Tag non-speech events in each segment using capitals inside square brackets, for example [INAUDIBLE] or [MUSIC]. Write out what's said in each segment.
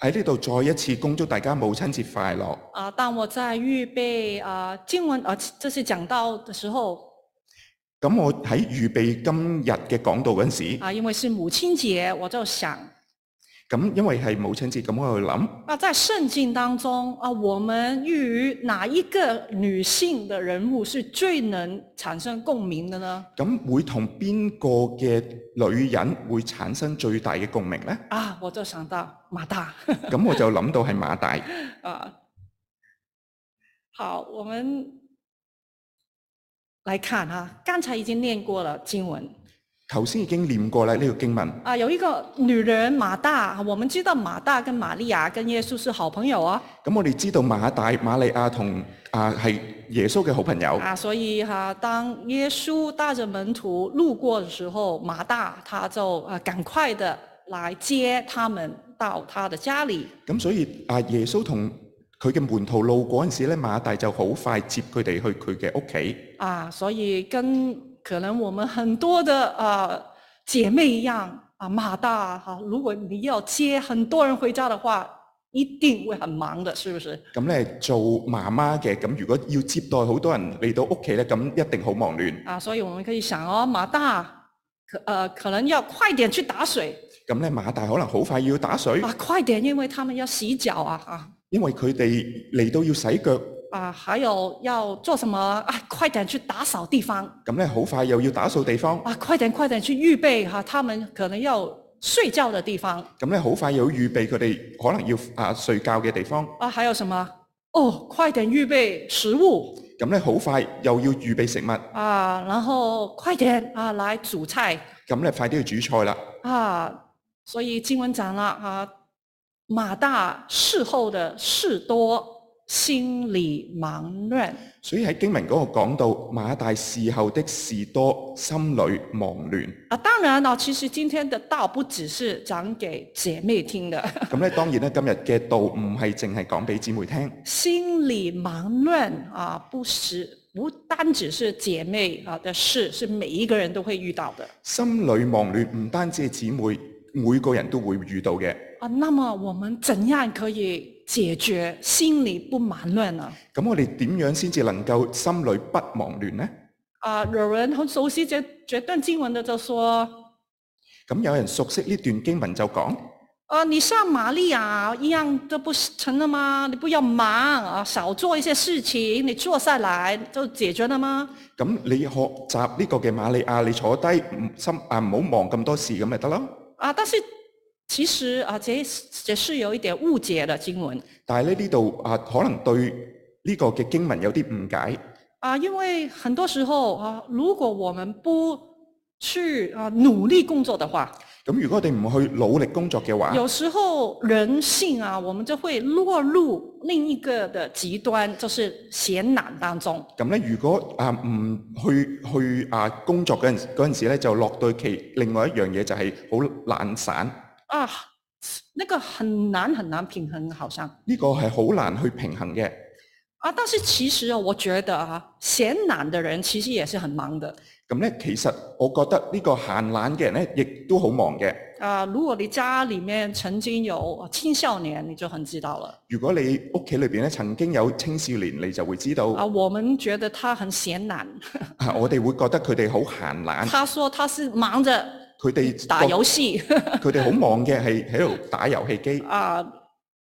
喺呢度再一次恭祝大家母親節快樂。啊，當我在預備啊今晚啊這次講道嘅時候，咁我喺預備今日嘅講道嗰陣時，啊，因為是母親節，我就想。咁，因為係母親節，咁我去諗。啊，在聖經當中，啊，我們與哪一個女性的人物是最能產生共鳴的呢？咁會同邊個嘅女人會產生最大嘅共鳴呢？啊，我，想 [LAUGHS] 我就想到馬大。咁我就諗到係馬大。啊，好，我們來看啊，剛才已經念過了經文。頭先已經念過啦，呢個經文。啊，有一個女人馬大，我們知道馬大跟瑪利亞跟耶穌是好朋友啊。咁我哋知道馬大、瑪利亞同啊係耶穌嘅好朋友。啊，所以當耶穌帶着門徒路過嘅時候，馬大他就啊趕快的來接他們到他的家裏。咁所以啊，耶穌同佢嘅門徒路過嗰陣時咧，馬大就好快接佢哋去佢嘅屋企。啊，所以跟。可能我們很多的啊、呃、姐妹一樣啊馬大哈、啊，如果你要接很多人回家的話，一定會很忙的，是不是？咁咧做媽媽嘅，咁如果要接待好多人嚟到屋企咧，咁一定好忙亂。啊，所以我們可以想哦，馬大、呃、可能要快點去打水。咁咧，馬大可能好快要打水。啊，快點，因為他們要洗腳啊，啊。因為佢哋嚟到要洗腳。啊，還有要做什麼啊？快點去打掃地方。咁咧好快又要打掃地方。啊，快點快點去預備哈、啊，他們可能要睡覺的地方。咁咧好快又要預備佢哋可能要啊睡覺嘅地方。啊，還有什麼？哦，快點預備食物。咁咧好快又要預備食物。啊，然後快點啊，來煮菜。咁、嗯、咧快啲去煮菜啦。啊，所以經文講啦，啊，馬大伺候的事多。心裏忙亂，所以喺經文嗰個講到馬大伺候的事多，心裏忙亂。啊，當然啦，其實今天的道不只是講給姐妹聽嘅。咁咧，當然咧，今日嘅道唔係淨係講俾姐妹聽。心裏忙亂啊，不是不單只是姐妹啊的事，是每一個人都會遇到的。心裏忙亂唔單止係姐妹，每個人都會遇到嘅。啊，那麼我們怎樣可以？解決心裏不忙亂啊！咁我哋點樣先至能夠心裏不忙亂呢？啊，有人好熟悉這這段經文的就說：咁有人熟悉呢段經文就講：啊，你上瑪利亞一樣，都不成了嗎？你不要忙啊，少做一些事情，你坐下來就解決了嗎？咁你學習呢個嘅瑪利亞，你坐低心啊，唔好忙咁多事咁咪得咯？啊，得先。其實啊，這這是有一點誤解的經文。但係咧，呢度啊，可能對呢個嘅經文有啲誤解。啊，因為很多時候啊，如果我們不去啊努力工作的話，咁如果我哋唔去努力工作嘅話，有時候人性啊，我們就會落入另一個嘅極端，就是嫌懶當中。咁咧，如果啊唔去去啊工作嗰陣陣時咧，時候就落到其另外一樣嘢就係好懶散。啊，那個很難很難平衡，好像呢個係好難去平衡嘅。啊，但是其實啊，我覺得啊，閒懶的人其實也是很忙的。咁、嗯、呢，其實我覺得呢個閒懶嘅人呢，亦都好忙嘅。啊，如果你家裏面曾經有青少年，你就很知道了。如果你屋企裏邊呢，曾經有青少年，你就會知道。啊，我們覺得他很閒懶。 [LAUGHS] 啊、我哋會覺得佢哋好閒懶。他說他是忙着。佢哋打遊戲，佢哋好忙嘅，係喺度打遊戲機。啊，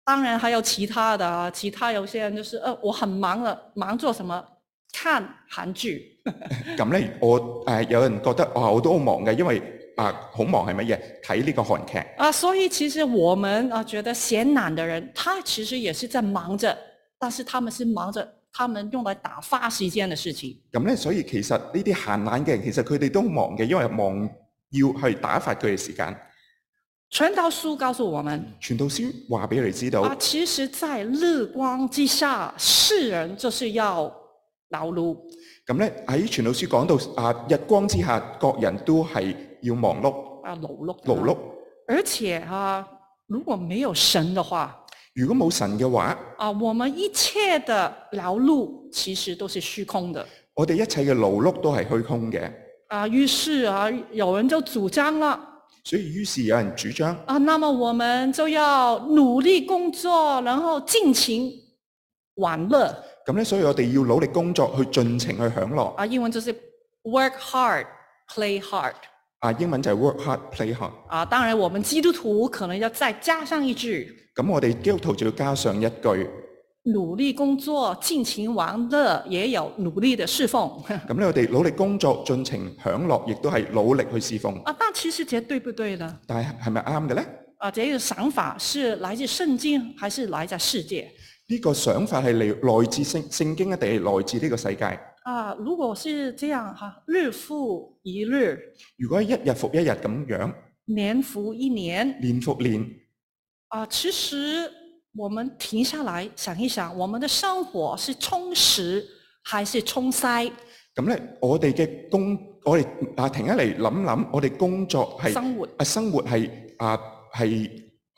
當然還有其他的，其他有些人就是，啊，我很忙嘅，忙做什麼？看韓劇。咁 [LAUGHS] 咧，我誒、呃、有人覺得，哇、哦，我都好忙嘅，因為啊，好忙係乜嘢？睇呢個韓劇。啊，所以其實我們啊，覺得閒懶嘅人，他其實也是在忙着，但是他們是忙着，他們用嚟打發時間嘅事情。咁咧，所以其實呢啲閒懶嘅人，其實佢哋都忙嘅，因為忙，要去打發佢嘅時間。傳道書告訴我們，傳道書話俾你知道，啊，其實，在日光之下，世人就是要勞碌。咁咧喺傳道書講到啊，日光之下，各人都係要忙碌。啊，勞碌，勞碌。而且啊，如果沒有神嘅話，如果冇神嘅話，啊，我們一切嘅勞碌其實都是虛空嘅。我哋一切嘅勞碌都係虛空嘅。啊，於是啊，有人就主張了，所以於是有人主張。啊，那麼我們就要努力工作，然後盡情玩樂。咁咧，所以我哋要努力工作去盡情去享樂。啊，英文就是 work hard, play hard。啊，英文就係 work hard, play hard。啊，當然我們基督徒可能要再加上一句。咁我哋基督徒就要加上一句。努力工作、盡情玩樂，也有努力的侍奉。咁 [LAUGHS] 你我哋努力工作、盡情享樂，亦都係努力去侍奉。啊，但其實這對不對呢？但係係咪啱嘅咧？啊，這個想法是來自聖經，還是來自世界？呢個想法係嚟來自聖聖經啊，定係來自呢個世界？啊，如果是這樣，哈，日復一日。如果係一日復一日咁樣。年復一年。年復年。啊，其實。我們停下來想一想，我們的生活是充實還是充塞？咁咧，我哋嘅工，我哋啊停下嚟諗諗，我哋工作係生活啊，生活係啊係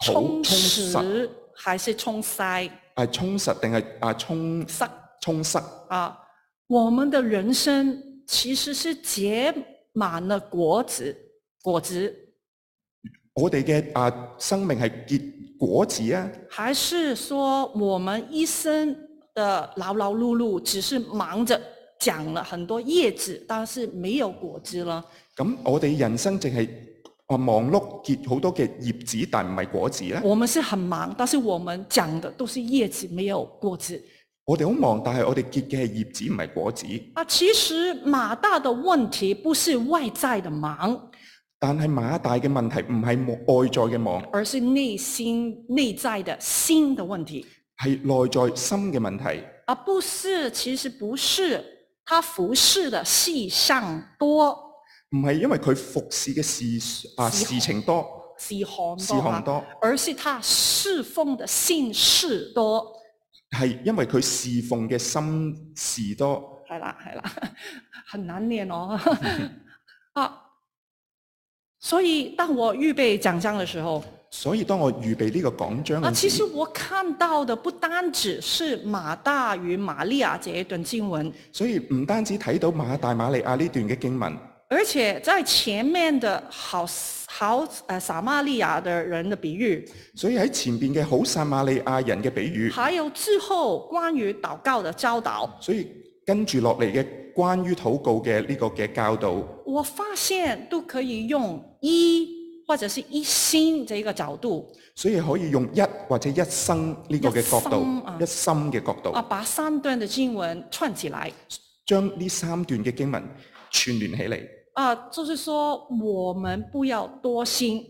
充實還是充塞？係充實定係啊充塞？充塞。啊，我們嘅人生其實是結滿了果子，果子。我哋嘅啊生命係結。果子啊？還是說我們一生的勞勞碌碌，只是忙着講了很多葉子，但是沒有果子咯？咁我哋人生淨係啊忙碌結好多嘅葉子，但唔係果子咧？我們是很忙，但是我們講的都是葉子，沒有果子。我哋好忙，但係我哋結嘅係葉子，唔係果子。啊，其實馬大的問題不是外在的忙。但係馬大嘅問題唔係外在嘅網，而是內心內在的心嘅問題。係內在心嘅問題。啊，不是，其實不是，他服侍嘅事上多。唔係因為佢服侍嘅事啊事情多，事項多,多，而是他侍奉嘅姓事多。係因為佢侍奉嘅心事多。係啦係啦，很難念哦。啊！ [LAUGHS] [LAUGHS] 所以，當我預備講章的時候，所以當我預備呢個講章啊，其實我看到的不單止是馬大與瑪利亞這一段經文，所以唔單止睇到馬大瑪利亞呢段嘅經文，而且在前面的好好誒撒瑪利亞的人的比喻，所以喺前面嘅好撒瑪利亞人嘅比喻，還有之後關於禱告的教導，所以。跟住落嚟嘅關於禱告嘅呢個嘅教導，我發現都可以用一或者是一心呢個角度，所以可以用一或者一生呢個嘅角度，一心嘅、啊、角度，啊，把三段嘅經文串起來，將呢三段嘅經文串聯起嚟，啊，就是說我們不要多心，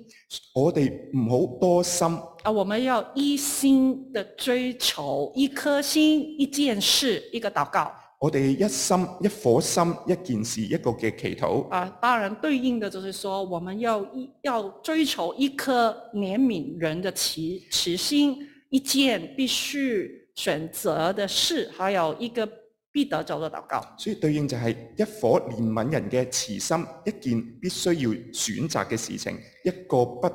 我哋唔好多心，啊，我們要一心的追求，一顆心，一件事，一個禱告。我哋一心一顆心，一件事，一個嘅祈禱啊，當然對應的就是說，我們要要追求一顆憐憫人的慈慈心，一件必須選擇的事，還有一個必得着的禱告。所以對應就係一顆憐憫人嘅慈心，一件必須要選擇嘅事情，一個不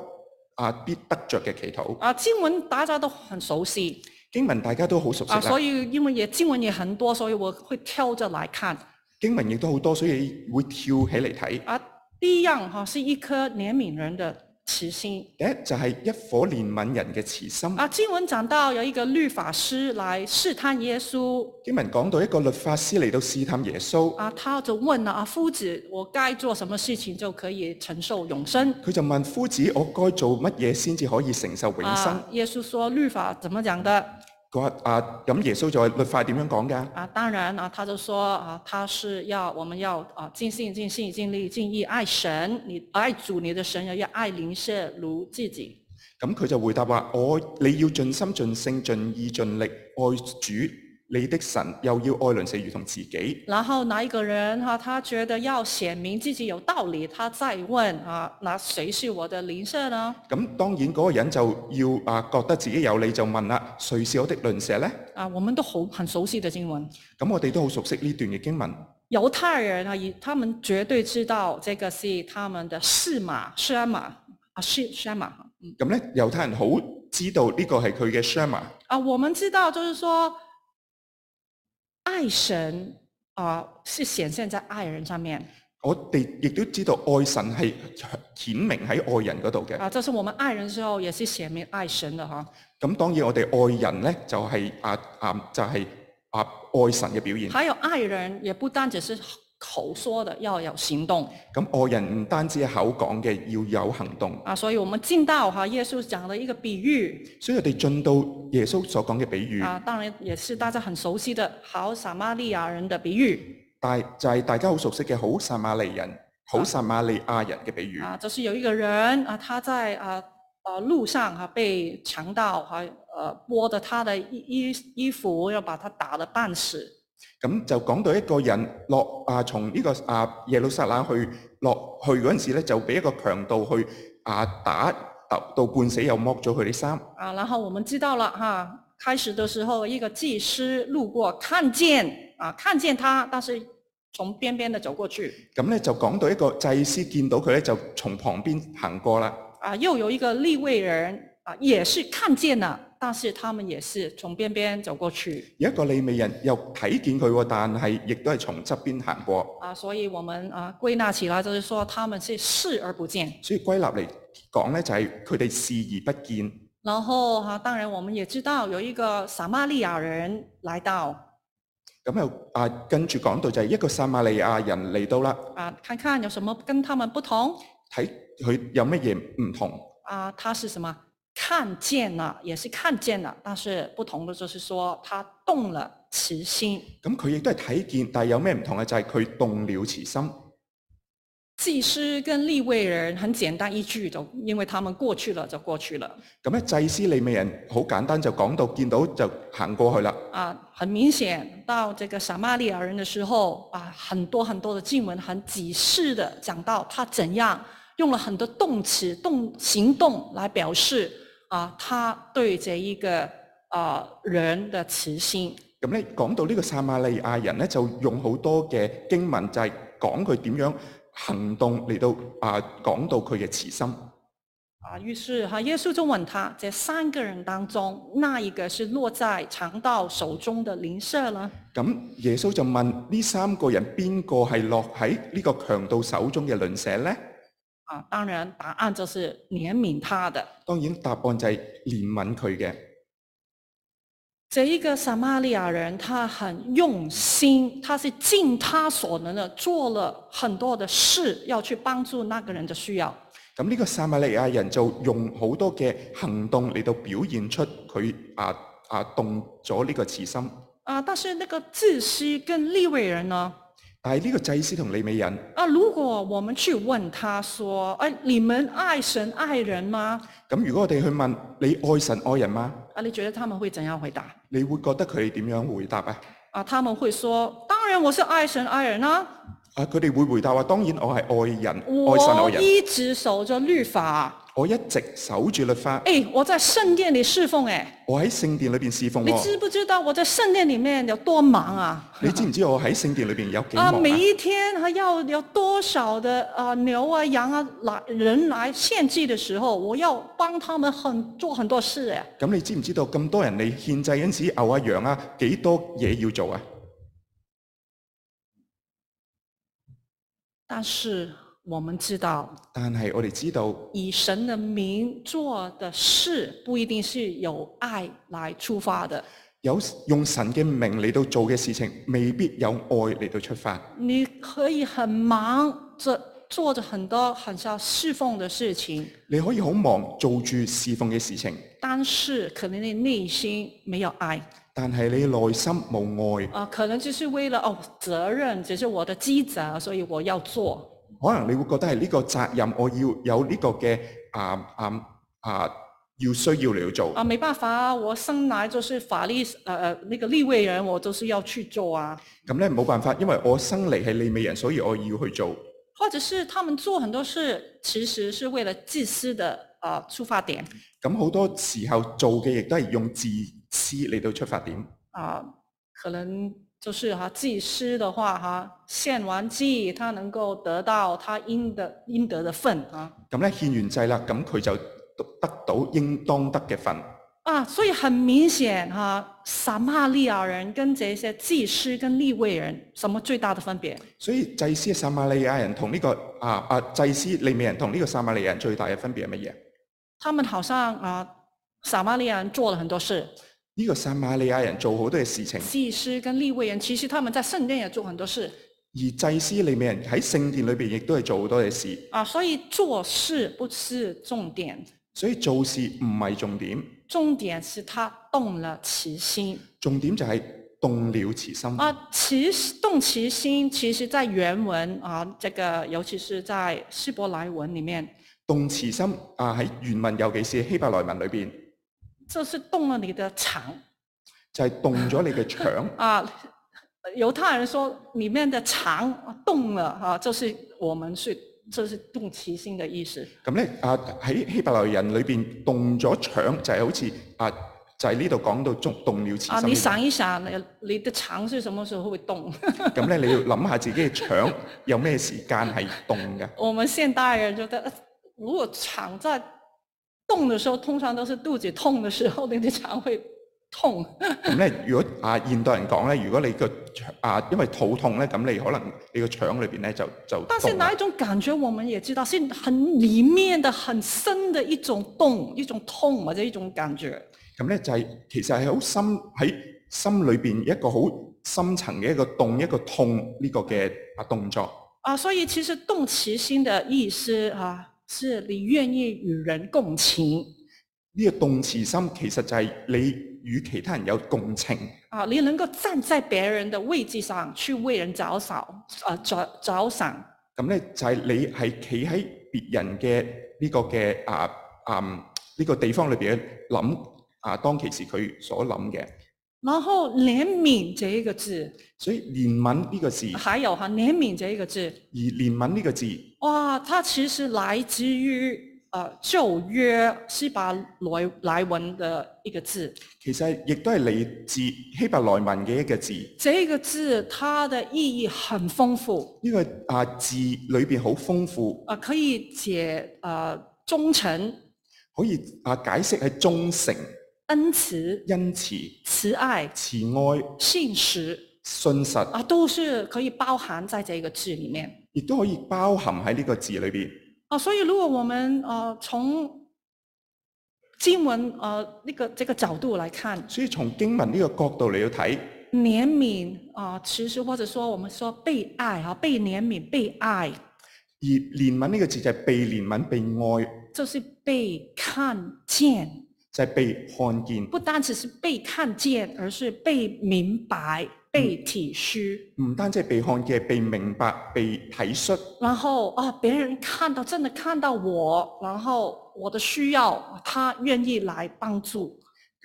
啊，必得着嘅祈禱啊，經文大家都很熟悉。經文大家都好熟悉，啊，所以因為也經文也很多，所以我會跳着來看。經文亦都好多，所以會跳起嚟睇。啊，第一樣哈，是一顆憐憫人的。第一就係一顆憐憫人嘅慈心。啊，經文講到有一個律法師來試探耶穌。經文講到一個律法師嚟到試探耶穌。啊，他就問啦：，啊，夫子，我該做什麼事情就可以承受永生？佢就問夫子：，我該做乜嘢先至可以承受永生？啊，耶穌說：，律法怎麼講的？佢話：啊，咁耶穌在律法點樣講嘅？啊，當然啦，啊，他就說啊，他是要我們要啊，盡心、盡性、盡力、盡意愛神，你愛主你的神，又要愛鄰舍如自己。咁，嗯、佢就回答話：我你要盡心、盡性、盡意、盡力愛主，你的神又要愛鄰舍如同自己。然後哪一個人哈，他覺得要顯明自己有道理，他再問啊，那誰是我的鄰舍呢？咁當然嗰個人就要啊，覺得自己有理就問啦，誰是我的鄰舍呢？啊，我們都好很熟悉嘅經文。咁我哋都好熟悉呢段嘅經文。猶太人啊，佢，他們絕對知道這個係他們的士馬、士阿馬啊、士、士阿馬。嗯。咁咧，猶太人好知道呢個係佢嘅士阿馬。啊，我們知道，就是說。愛神啊、呃，是顯現在愛人上面。我哋亦都知道愛神係顯明喺愛人嗰度嘅。啊，就是我們愛人之後，也是顯明愛神嘅嗬。咁當然我哋愛人咧，就係、是、啊啊，就係、是、啊愛神嘅表現。還有愛人，也不單只是。口說的要有行動，咁外人唔單止口講嘅要有行動。啊，所以，我們進到哈、啊、耶穌講的一個比喻，所以我哋進到耶穌所講嘅比喻，啊，當然也是大家很熟悉的好撒瑪利亞人的比喻，但就係、是、大家好熟悉嘅好撒瑪，瑪利亞人，好撒瑪利亞人嘅比喻。啊，就是有一個人啊，他在啊啊路上啊被強盜啊，呃、啊、剝他的衣衣服，要把他打得半死。咁就講到一個人落啊，從呢、這個啊耶路撒冷去落去嗰時咧，就俾一個強盜去啊打到半死，又剝咗佢啲衫。啊，然後我們知道了哈、啊，開始的時候一個祭司路過，看見啊，看見他，但是從邊邊的走過去。咁咧就講到一個祭司見到佢咧，就從旁邊行過啦。啊，又有一個利未人啊，也是看見了。但是他們也是從邊邊走過去。有一個利未人又睇見佢喎，但係亦都係從側邊行過。啊，所以我們啊歸納起來就是說，他們是視而不見。所以歸納嚟講咧，就係佢哋視而不見。然後哈、啊，當然我們也知道有一個撒瑪利亞人來到。咁又啊，跟住講到就係一個撒瑪利亞人嚟到啦。啊，看看有什麼跟他們不同？睇佢有乜嘢唔同？啊，他係什麼？看見了，也是看見了，但是不同的就是說，他動了慈心。咁佢亦都係睇見，但有咩唔同嘅就係、是、佢動了慈心。祭司跟利未人很簡單一句就，因為他們過去了就過去了。咁咧，祭司利未人好簡單就講到見到就行過去了啊，很明顯到這個撒瑪利亞人的時候，啊，很多很多的經文很仔細的講到他怎樣用了很多動詞、動行動來表示。啊，他對這一個啊人的慈心。咁咧，講到呢個撒瑪利亞人咧，就用好多嘅經文，就係講佢點樣行動嚟到啊，講到佢嘅慈心。啊，於是哈，耶穌就問他，這三個人當中，那一個是落在強盜是落在強盜手中的鄰舍呢？咁耶穌就問呢三個人，邊個係落喺呢個強盜手中嘅鄰舍呢？啊，當然答案就是憐憫他的。當然答案就係憐憫佢嘅。這一個撒瑪利亞人，他很用心，他是盡他所能的做了很多的事，要去幫助那個人的需要。咁、這、呢個撒瑪利亞人就用好多嘅行動嚟到表現出佢啊啊動咗呢個慈心。啊，但是那個祭司跟利未人呢？係、這、呢個祭司同利未人。啊，如果我們去問他說：，誒，你們愛神愛人嗎？咁如果我哋去問你愛神愛人嗎？啊，你覺得他們會怎樣回答？你會覺得佢哋點樣回答啊？啊，他們會說：，當然我是愛神愛人啦。啊，佢哋會回答話：，當然我係愛人，愛神愛人。我一直守着律法。我一直守住律法。誒，我在聖殿裏侍奉誒。我喺聖殿裏邊侍奉。你知不知道我在聖殿裡面有多忙啊？ [LAUGHS] 你知唔知我喺聖殿裏邊有幾忙啊？啊，每一天他要有多少的啊牛啊羊啊來人來獻祭的時候，我要幫他們很做很多事嘅。咁、嗯、你知唔知道咁多人嚟獻祭嗰陣時牛啊羊啊幾多嘢要做啊？但是。我們知道，但係我哋知道，以神的名做的事不一定是有愛來出發的。有用神嘅名嚟到做嘅事情，未必有愛嚟到出發。你可以很忙做，做做着很多很少侍奉的事情。你可以好忙，做住侍奉嘅事情，但是可能你內心沒有愛。但係你內心冇愛啊，可能就是為了哦責任，就是我的職責，所以我要做。可能你會覺得係呢個責任，我要有呢個嘅啊啊啊，要需要你要做。啊，沒辦法，我生來就是法律，誒、呃、誒，那個利未人，我就是要去做啊。咁咧冇辦法，因為我生嚟係利未人，所以我要去做。或者是他們做很多事，其實係為了自私的啊、呃、出發點。咁好多時候做嘅亦都係用自私嚟到出發點。啊、呃，可能。就是哈祭師的話哈獻完祭，他能夠得到他應得應得的份啊。咁咧獻完祭啦，咁佢就得到應當得嘅份。啊，所以很明顯哈，啊、撒瑪利亞人跟這些祭師跟利未人，什麼最大的分別？所以祭師撒瑪利亞人同呢個啊啊祭司利未人同呢個撒瑪利亞人最大嘅分別係乜嘢？他們好像啊撒瑪利亞人做了很多事。呢、這個撒馬利亞人做好多嘅事情。祭司跟利未人其實他們在聖殿也做很多事。而祭司利未人喺聖殿裏面亦都係做好多嘅事。啊所事，所以做事不是重點。所以做事唔係重點。重點是他動了慈心。重點就係動了慈心。啊，其動慈心其實在原文啊，這個、尤其是在希伯來文裏面。動慈心啊，喺原文尤其是希伯來文裏面。這、就是就是動了你的腸，就 [LAUGHS] 係、啊、動咗你嘅腸。啊，猶太人說裡面的腸動了，哈，就是我們是，就是動其心的意思。咁咧，啊喺希伯來人裏邊動咗腸，就係好似啊，就喺呢度講到動動了心。啊，你想一想，你你的腸是什麼時候會動？咁 [LAUGHS] 咧，你要諗下自己嘅腸有咩時間係動嘅。 [LAUGHS] 我們現代人覺得，如果腸在動的時候通常都是肚子痛的時候，你的腸會痛。如果啊現代人講呢，如果、啊、如果你個腸啊，因為肚痛呢，咁你可能你個腸裏邊呢就就。但是哪一種感覺，我們也知道，是很裡面的很深的一種動、一種痛或者、就是、一種感覺。咁、嗯、呢就係、是，其實係好深，喺心裏邊一個好深層嘅一個動、一個痛呢個嘅啊動作。啊，所以其實動其心的意思啊。是你願意與人共情，呢、這個動詞心其實就係你與其他人有共情啊！你能夠站在別人的位置上去為人着想，啊着着想。咁咧就係、是、你係企喺別人嘅呢個嘅啊啊呢、這個地方裏邊諗啊，當其時佢所諗嘅。然後憐憫這一個字，所以憐憫呢個字，還有哈憐憫這一個字，而憐憫呢個字，哇，它其實來自於誒舊約希伯來來文的一個字，其實亦都係嚟自希伯來文嘅一個字。這個字它的意義很豐富，呢個啊字裏邊好豐富，啊可以解誒忠誠，可以啊解釋係忠誠。恩慈、恩慈、慈愛、慈愛、慈信實、信實啊，都是可以包含在這個字裏面，亦都可以包含喺呢個字裏邊。哦、啊，所以如果我們，誒、呃，從經文，誒、呃，呢、這個這個角度來看，所以從經文呢個角度嚟到睇，憐憫，誒、呃，其實或者說我們說被愛，啊，被憐憫，被愛，而憐憫呢個字就係被憐憫，被愛，就是被看見。就是、被看見，不單只是被看見，而是被明白、嗯、被體恤。唔單止被看見、被明白、被體恤。然後啊，別人看到，真的看到我，然後我的需要，他願意來幫助。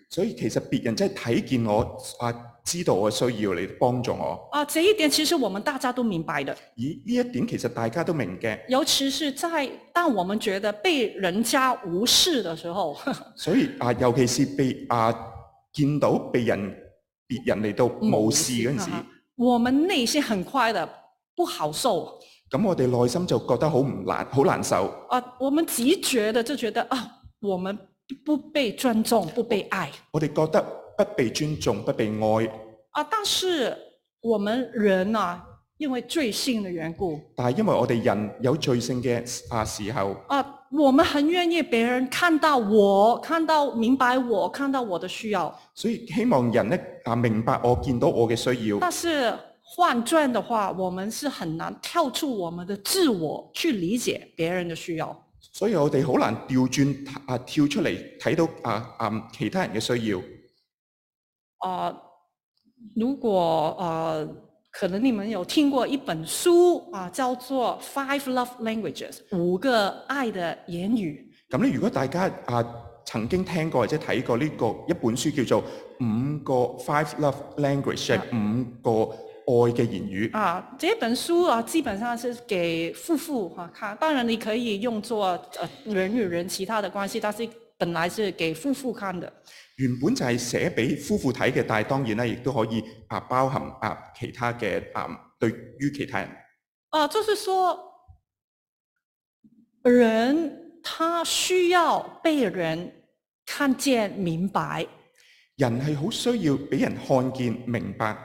所以其實別人真係睇見我啊。知道我需要你幫助我啊！這一點其實我們大家都明白的。咦呢一點其實大家都明嘅，尤其是在，當我們覺得被人家無視的時候。所以啊，尤其是被啊見到被人別人嚟到無視嗰陣時、嗯嗯嗯嗯嗯嗯嗯，我們內心很快的不好受。咁、嗯、我哋內心就覺得好唔難，好難受。啊，我們直覺的就覺得啊，我們不被尊重，不被愛。我哋覺得。不被尊重，不被愛。啊！但是我們人啊，因為罪性的緣故。但係因為我哋人有罪性嘅啊時候。啊！我們很願意別人看到我，看到明白我，看到我的需要。所以希望人呢，啊明白我見到我嘅需要。但是換轉的話，我們是很難跳出我們的自我去理解別人嘅需要。所以我哋好難調轉啊跳出嚟睇到啊啊其他人嘅需要。啊、uh,，如果啊，uh, 可能你們有聽過一本書啊，uh, 叫做《Five Love Languages》五個愛的言語，咁咧，如果大家啊、uh, 曾經聽過或者睇過呢、這個一本書叫做《五個 Five Love Languages、uh,》五個愛嘅言語啊，uh, 這本書啊，uh, 基本上是給夫婦看，uh, 當然你可以用作啊、uh, 人與人其他的關係，但是。本來是給夫婦看的，原本就係寫俾夫婦睇嘅，但係當然咧，亦都可以啊，包含啊其他嘅啊對於其他人。啊、呃，就是說，人他需要被人看見明白，人係好需要俾人看見明白。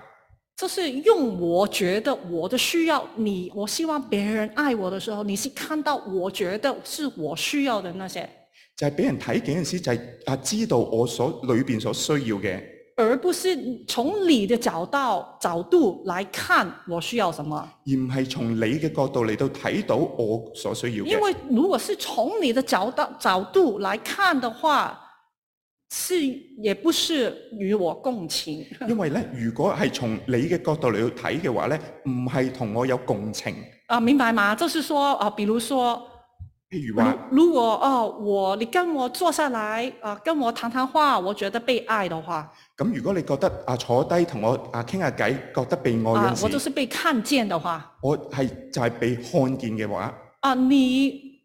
就是用我覺得我的需要你，你我希望別人愛我的時候，你是看到我覺得是我需要的那些。就係、是、俾人睇嗰陣時，就係啊，知道我所裏面所需要嘅，而不是從你的角度角度來看我需要什麼，而唔係從你嘅角度嚟到睇到我所需要嘅。因為如果是從你的角度角度來看的話，是也不是與我共情。 [LAUGHS] 因為咧，如果係從你嘅角度嚟去睇嘅話咧，唔係同我有共情。啊，明白嗎？就是說啊，比如說。譬如話，如果哦，我你跟我坐下來，啊，跟我談談話，我覺得被愛的話。咁如果你覺得啊坐低同我啊傾下偈，覺得被愛嗰陣時，啊，我就是被看見的話。我係就係、是、被看見嘅話。啊，你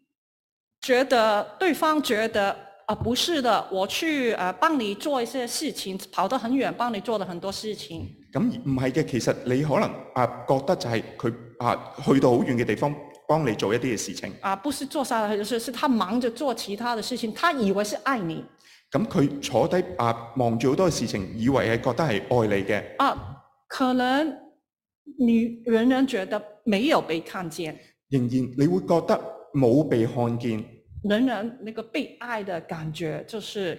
覺得對方覺得啊，不是的，我去啊幫你做一些事情，跑得很遠，幫你做了很多事情。咁唔係嘅，其實你可能啊覺得就係佢啊去到好遠嘅地方。幫你做一啲嘅事情。啊，不是做曬，係就是，是他忙着做其他的事情，他以為是愛你。咁佢坐低啊，望住好多事情，以為係覺得係愛你嘅。啊，可能你仍然覺得沒有被看見。仍然，你會覺得冇被看見。仍然，那個被愛的感覺就是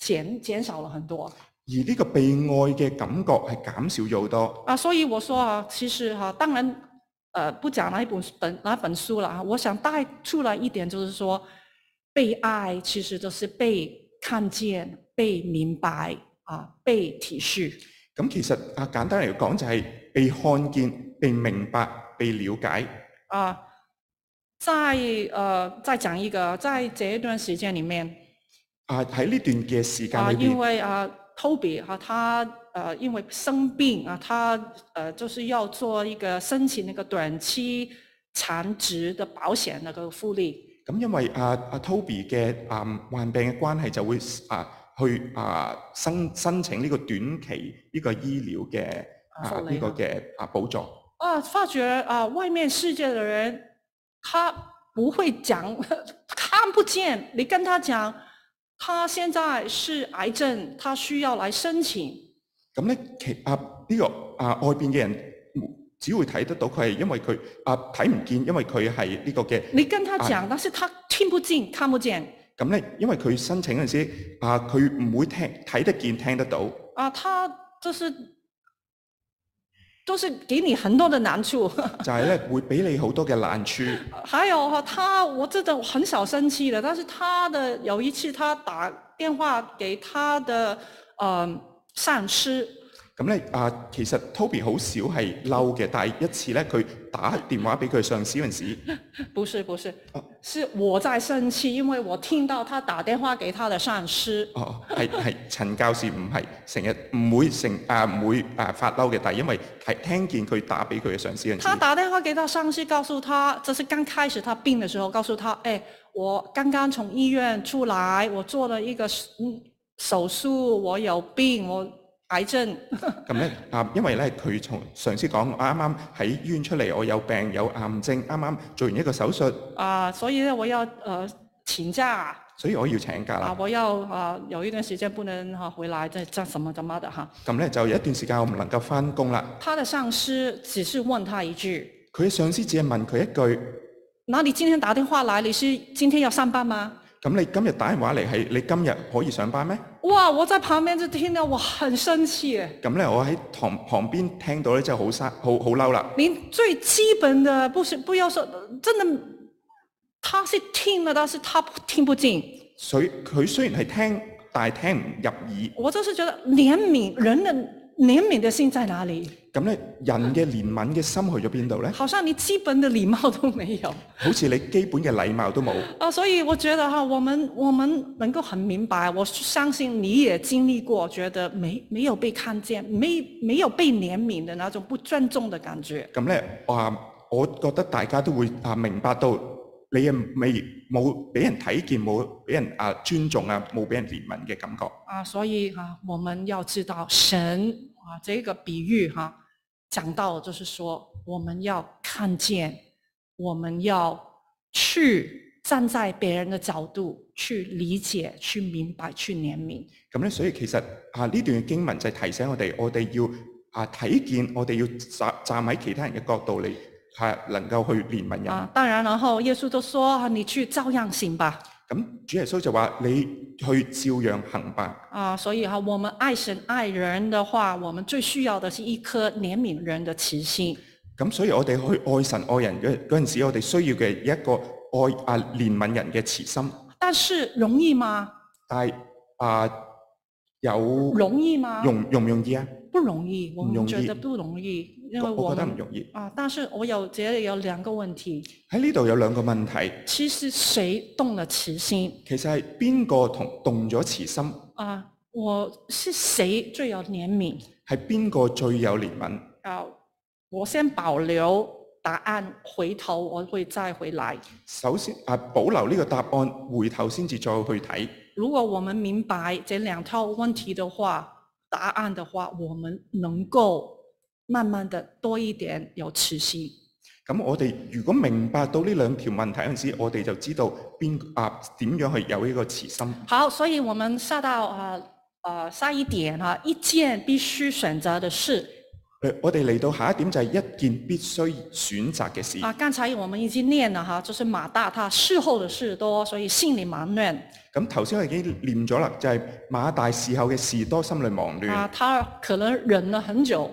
減減少了很多。而呢個被愛嘅感覺係減少咗好多。啊，所以我說啊，其實啊，當然。呃，不講那一本本那本書了啊！我想帶出來一點，就是說被愛，其實就是被看見、被明白啊、被體恤。咁其實啊，簡單嚟講就係被看見、被明白、被了解。啊，再誒、呃，再講一個在一、啊，在這段時間裏面。啊，喺呢段嘅時間裏因為啊，Toby 哈、啊，他。呃，因為生病啊，他，呃，就是要做一個申請那個短期殘疾的保險那個福利。咁因為阿阿 Toby 嘅啊，的啊患病嘅關係，就會啊去啊申申請呢個短期呢個醫療嘅啊呢、啊這個嘅啊補助。啊，發覺啊外面世界的人，他不會講，看不見。你跟他講，他現在是癌症，他需要來申請。咁咧，其啊呢、呢個啊外邊嘅人只會睇得到佢係因為佢啊睇唔見，因為佢係呢個嘅。你跟他講、啊，但是他聽不見，看唔見。咁咧，因為佢申請嗰陣時候啊，佢唔會聽睇得見，聽得到。啊，他就是都、就是給你很多嘅難處。 [LAUGHS] 就係咧，會俾你好多嘅難處。 [LAUGHS] 還有他，我真係很少生氣了，但是他的有一次，他打電話給他的嗯。呃上司咁咧，啊，其實 Toby 好少係嬲嘅，但係一次咧，佢打電話俾佢上司嗰陣時，不是不是、啊，是我在生氣，因為我聽到他打電話給他的上司。哦，係係，陳教士唔係成日唔會成啊唔會啊發嬲嘅，但係因為係聽見佢打俾佢嘅上司嗰陣時，他打電話給他上司，告訴他，就是剛開始他病嘅時候，告訴他，誒、欸，我剛剛從醫院出來，我做了一個嗯。手術，我有病，我癌症。咁咧啊，因為咧佢從上司講，啱啱喺醫院出嚟，我有病有癌症，啱啱做完一個手術。啊、呃，所以咧我要呃請假。所以我要請假啦、呃。我要啊、呃、有一段時間不能哈回來，即係做什麼什麼的哈、咁咧、嗯、就有一段時間我唔能夠翻工啦。他的上司只是問他一句。佢上司只係問佢一句。那你今天打電話來，你是今天要上班嗎？咁你今日打電話嚟係你今日可以上班咩？哇！我在旁邊就聽到，我很生氣嘅。咁咧，我喺旁旁邊聽到咧，真係好生好好嬲啦。連最基本嘅，不是不要說，真的，他是聽了，但是他聽不進。所以佢雖然係聽，但係聽唔入耳。我就是覺得憐憫人的。憐憫的心在哪裏？咁咧，人嘅憐憫嘅心去咗邊度咧？好像你基本的禮貌都沒有。好似你基本嘅禮貌都冇。啊，所以我覺得哈，我們我們能夠很明白，我相信你也經歷過，覺得沒沒有被看見，沒沒有被憐憫的那種不尊重的感覺。咁咧，我覺得大家都會啊明白到，你又未冇俾人睇見，冇俾人啊尊重啊，冇俾人憐憫嘅感覺。啊，所以啊，我們要知道神。啊，這個比喻哈，講到就是說，我們要看見，我們要去站在別人的角度去理解、去明白、去憐憫。咁咧，所以其實啊，呢段經文就提醒我哋，我哋要啊睇見，我哋要站站喺其他人嘅角度嚟，係、啊、能夠去憐憫人。啊，當然，然後耶穌都說，你去照樣行吧。咁主耶穌就話，你去照樣行吧。啊，所以哈，我們愛神愛人的話，我們最需要的係一顆憐憫人的慈心。咁、嗯、所以我哋去愛神愛人嗰嗰陣時，我哋需要嘅一個愛啊憐憫人嘅慈心。但是容易嗎？係啊，有容易嗎？容容唔容易啊？不容易，我唔覺得不容易。因為我覺得唔容易啊！但是我有，這裡有兩個問題。喺呢度有兩個問題。其實誰動了慈心？其實係邊個同動咗慈心？啊，我是誰最有憐憫？係邊個最有憐憫？啊，我先保留答案，回頭我會再回來。首先啊，保留呢個答案，回頭先至再去睇。如果我們明白這兩套問題的話，答案的話，我們能夠。慢慢的多一點有慈心。咁我哋如果明白到呢兩條問題嗰陣時，我哋就知道邊啊點樣去有呢個慈心。好，所以我們下到啊啊下一點哈，一件必須選擇的事。誒，我哋嚟到下一點就係、是、一件必須選擇嘅事。啊，剛才我們已經念啦哈、啊，就是馬大他事後的事多，所以心裏忙亂。咁頭先我已經念咗啦，就係、是、馬大事後嘅事多，心裏忙亂。啊，他可能忍了很久。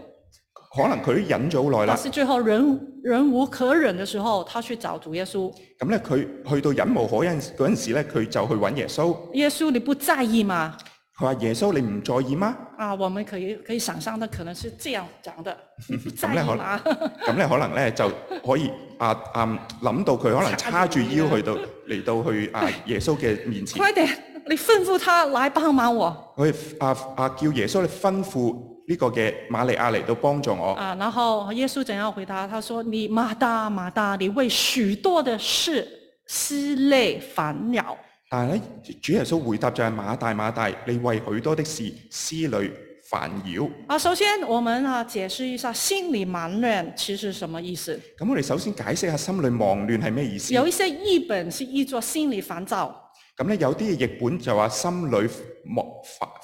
可能佢忍咗好耐啦。但是最後忍忍可忍的時候，他去找主耶穌。咁咧，佢去到忍無可忍嗰時咧，佢就去揾耶穌。耶穌，你不在意嗎？佢話：耶穌，你唔在意嗎？啊，我們可以可以想象的可能是這樣講的，不咁咧 [LAUGHS] [LAUGHS] [LAUGHS] 可能咧就可以啊啊，諗到佢可能叉住腰去到嚟到去啊耶穌嘅面前。哎、快 a 你吩咐他來幫忙我。去啊啊！叫耶穌，你吩咐。呢、這個嘅瑪利亞嚟到幫助我啊！然後耶穌點樣回答？佢話：你馬大馬大，你為許多的事思慮煩擾。但係咧，主耶穌回答就係馬大馬大，你為許多的事思慮煩擾。啊，首先我們啊解釋一下心裏忙亂其實什麼意思？咁我哋首先解釋下心裏忙亂係咩意思？有一些譯本是譯作心理煩躁。咁咧有啲譯本就話心裏莫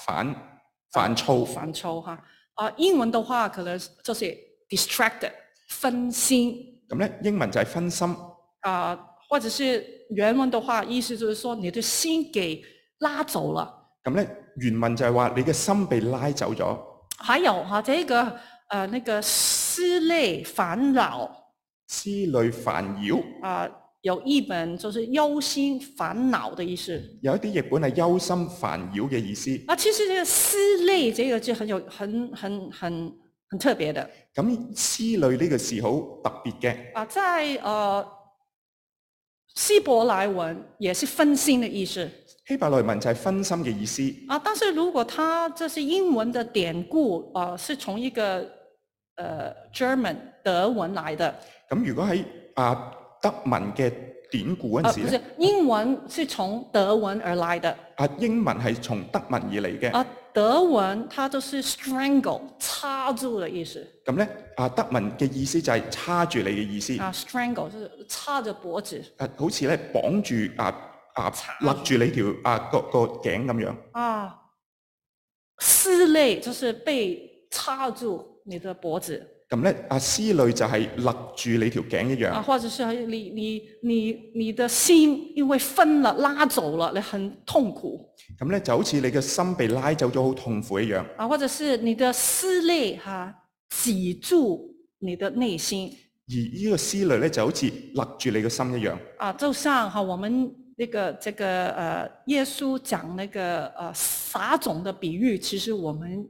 煩煩煩躁。煩躁嚇。啊，英文的話可能就是 distracted，分心。咁、嗯、咧，英文就係分心。啊，或者是原文的話，意思就是說你的心給拉走了。咁、嗯、咧，原文就係話你嘅心被拉走咗。還有哈，這個誒、呃，那個思慮煩惱。思慮煩擾。啊。有譯本就是憂心煩惱的意思，有一啲譯本係憂心煩擾嘅意思。啊，其實呢個思慮，這個就很有、很、很、很、很特別的。咁思慮呢個詞好特別嘅。啊，在呃希伯來文也是分心的意思。希伯來文就係分心嘅意思。啊，但是如果他就是英文的典故，啊，是從一個 German 德文來的。咁如果喺啊？德文嘅典故嗰陣時、啊、是英文係從德文而來嘅。啊，英文係從德文而嚟嘅。啊，德文它就是 strangle，叉住嘅意思。咁咧，啊德文嘅意思就係叉住你嘅意思。啊，思就插思啊，strangle 就是叉住脖子。啊、好似咧綁住啊啊勒住你條啊個個頸咁樣。啊，撕、啊、裂、啊、就是被叉住你嘅脖子。咁咧，啊思慮就係勒住你條頸一樣。啊，或者是你你你你的心因為分了拉走啦，你很痛苦。咁咧就好似你嘅心被拉走咗，好痛苦一樣。啊，或者是你的思慮嚇，擠、啊、住你的內心。而呢個思慮咧就好似勒住你嘅心一樣。啊，就像哈，我們呢個這個誒、這個，耶穌講那個誒撒種的比喻，其實我們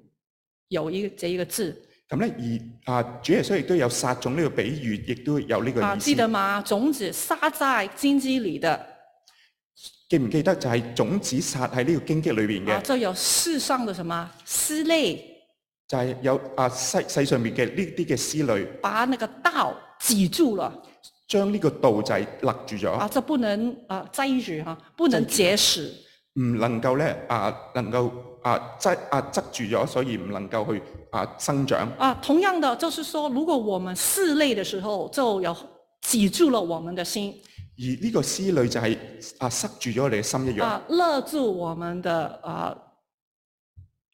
有一這一個字。咁咧而啊，主耶穌亦都有撒種呢個比喻，亦都有呢個意思。啊，記得嘛？種子撒在荊棘裡的，記唔記得？就係種子撒喺呢個荊棘裏面嘅、啊。就有世上的什麼思慮？就係、是、有啊世世上面嘅呢啲嘅思慮。把那個道擠住了。將呢個道仔勒住咗。啊，就不能啊擠住不能結實。唔能夠咧啊，能夠啊啊擠住咗，所以唔能夠去。啊，生長啊，同樣的，就是說，如果我們思慮的時候，就有擠住了我們的心。而呢個思慮就係、是、啊塞住咗我哋嘅心一樣。啊，勒住我們的啊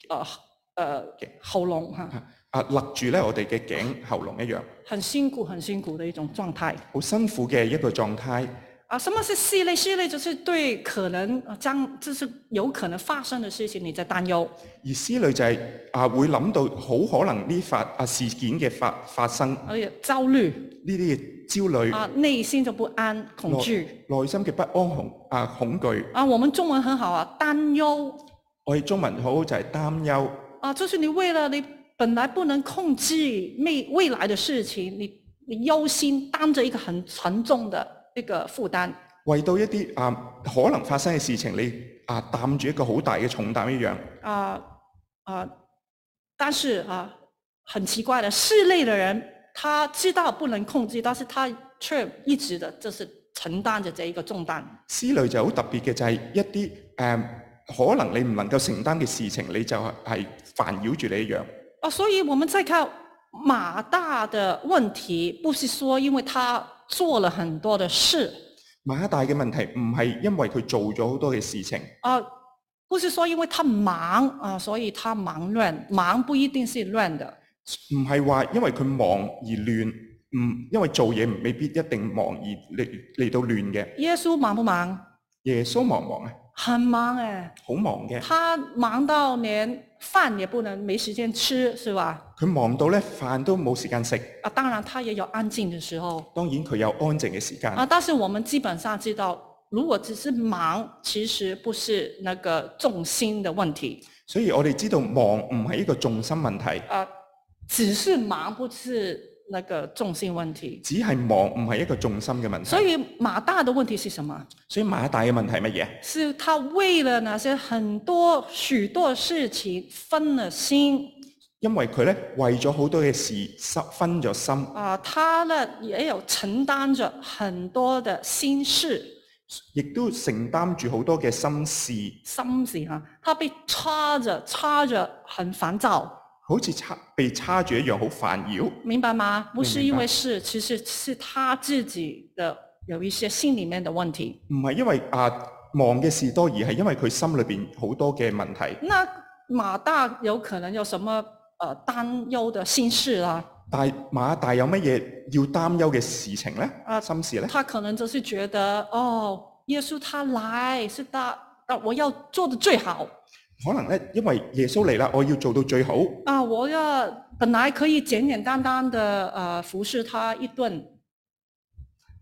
啊、呃、喉嚨嚇。啊勒、啊、住咧，我哋嘅頸喉嚨一樣。很辛苦，很辛苦嘅一種狀態。好辛苦嘅一個狀態。啊，什麼是思慮？思慮就是對可能將，就是有可能發生的事情，你在擔憂。而思慮就係、是、啊，會諗到好可能呢發啊事件嘅發發生。啊，這些焦慮。呢啲嘢，焦慮。啊，內心就不安恐懼。內心嘅不安恐啊恐懼。啊，我們中文很好啊，擔憂。我哋中文好就係擔憂。啊，就是你為了你本來不能控制未未來的事情，你你憂心擔着一個很沉重的。一、這個負擔，為到一啲啊可能發生嘅事情，你啊擔住一個好大嘅重擔一樣。啊啊，但是啊，很奇怪的，思慮的人，他知道不能控制，但是他卻一直的，就是承擔着這一個重擔。思慮就好特別嘅就係、是、一啲誒、啊，可能你唔能夠承擔嘅事情，你就係煩擾住你一樣，啊。所以我們再看馬大的問題，不是說因為他。做了很多的事，馬大嘅問題唔係因為佢做咗好多嘅事情。啊，不是說因為他忙啊，所以他忙亂，忙不一定是亂的。唔係話因為佢忙而亂，唔、嗯、因為做嘢未必一定忙而嚟嚟到亂嘅。耶穌忙唔忙？耶穌忙忙，忙啊，很忙誒，好忙嘅。他忙到連。飯也不能沒時間吃，是吧？佢忙到呢，飯都冇時間食。啊，當然他也有安靜的時候。當然佢有安靜嘅時間。啊，但是我們基本上知道，如果只是忙，其實不是那個重心的問題。所以我哋知道忙，唔係一個重心問題。啊、呃，只是忙不是。那個重心問題，只係忙，唔係一個重心嘅問題。所以馬大的問題是什麼？所以馬大嘅問題係乜嘢？是他為了那些很多許多事情分了心。因為佢咧為咗好多嘅事失分咗心。啊，他咧也有承擔着很多的心事，亦都承擔住好多嘅心事。心事啊，他被插着插着，很煩躁。好似被插住一樣，好煩擾。明白嗎？不是因為事，其實是他自己的有一些心裏面的問題。唔係因為啊忙嘅事多，而係因為佢心裏面好多嘅問題。那馬大有可能有什麼誒擔憂的心事啦、啊？但係馬大有乜嘢要擔憂嘅事情呢？啊心事呢？他可能就是覺得，哦，耶穌他來，是他，我我要做得最好。可能咧，因為耶穌嚟啦，我要做到最好。啊，我嘅，本來可以簡簡單單的，誒，服侍他一段。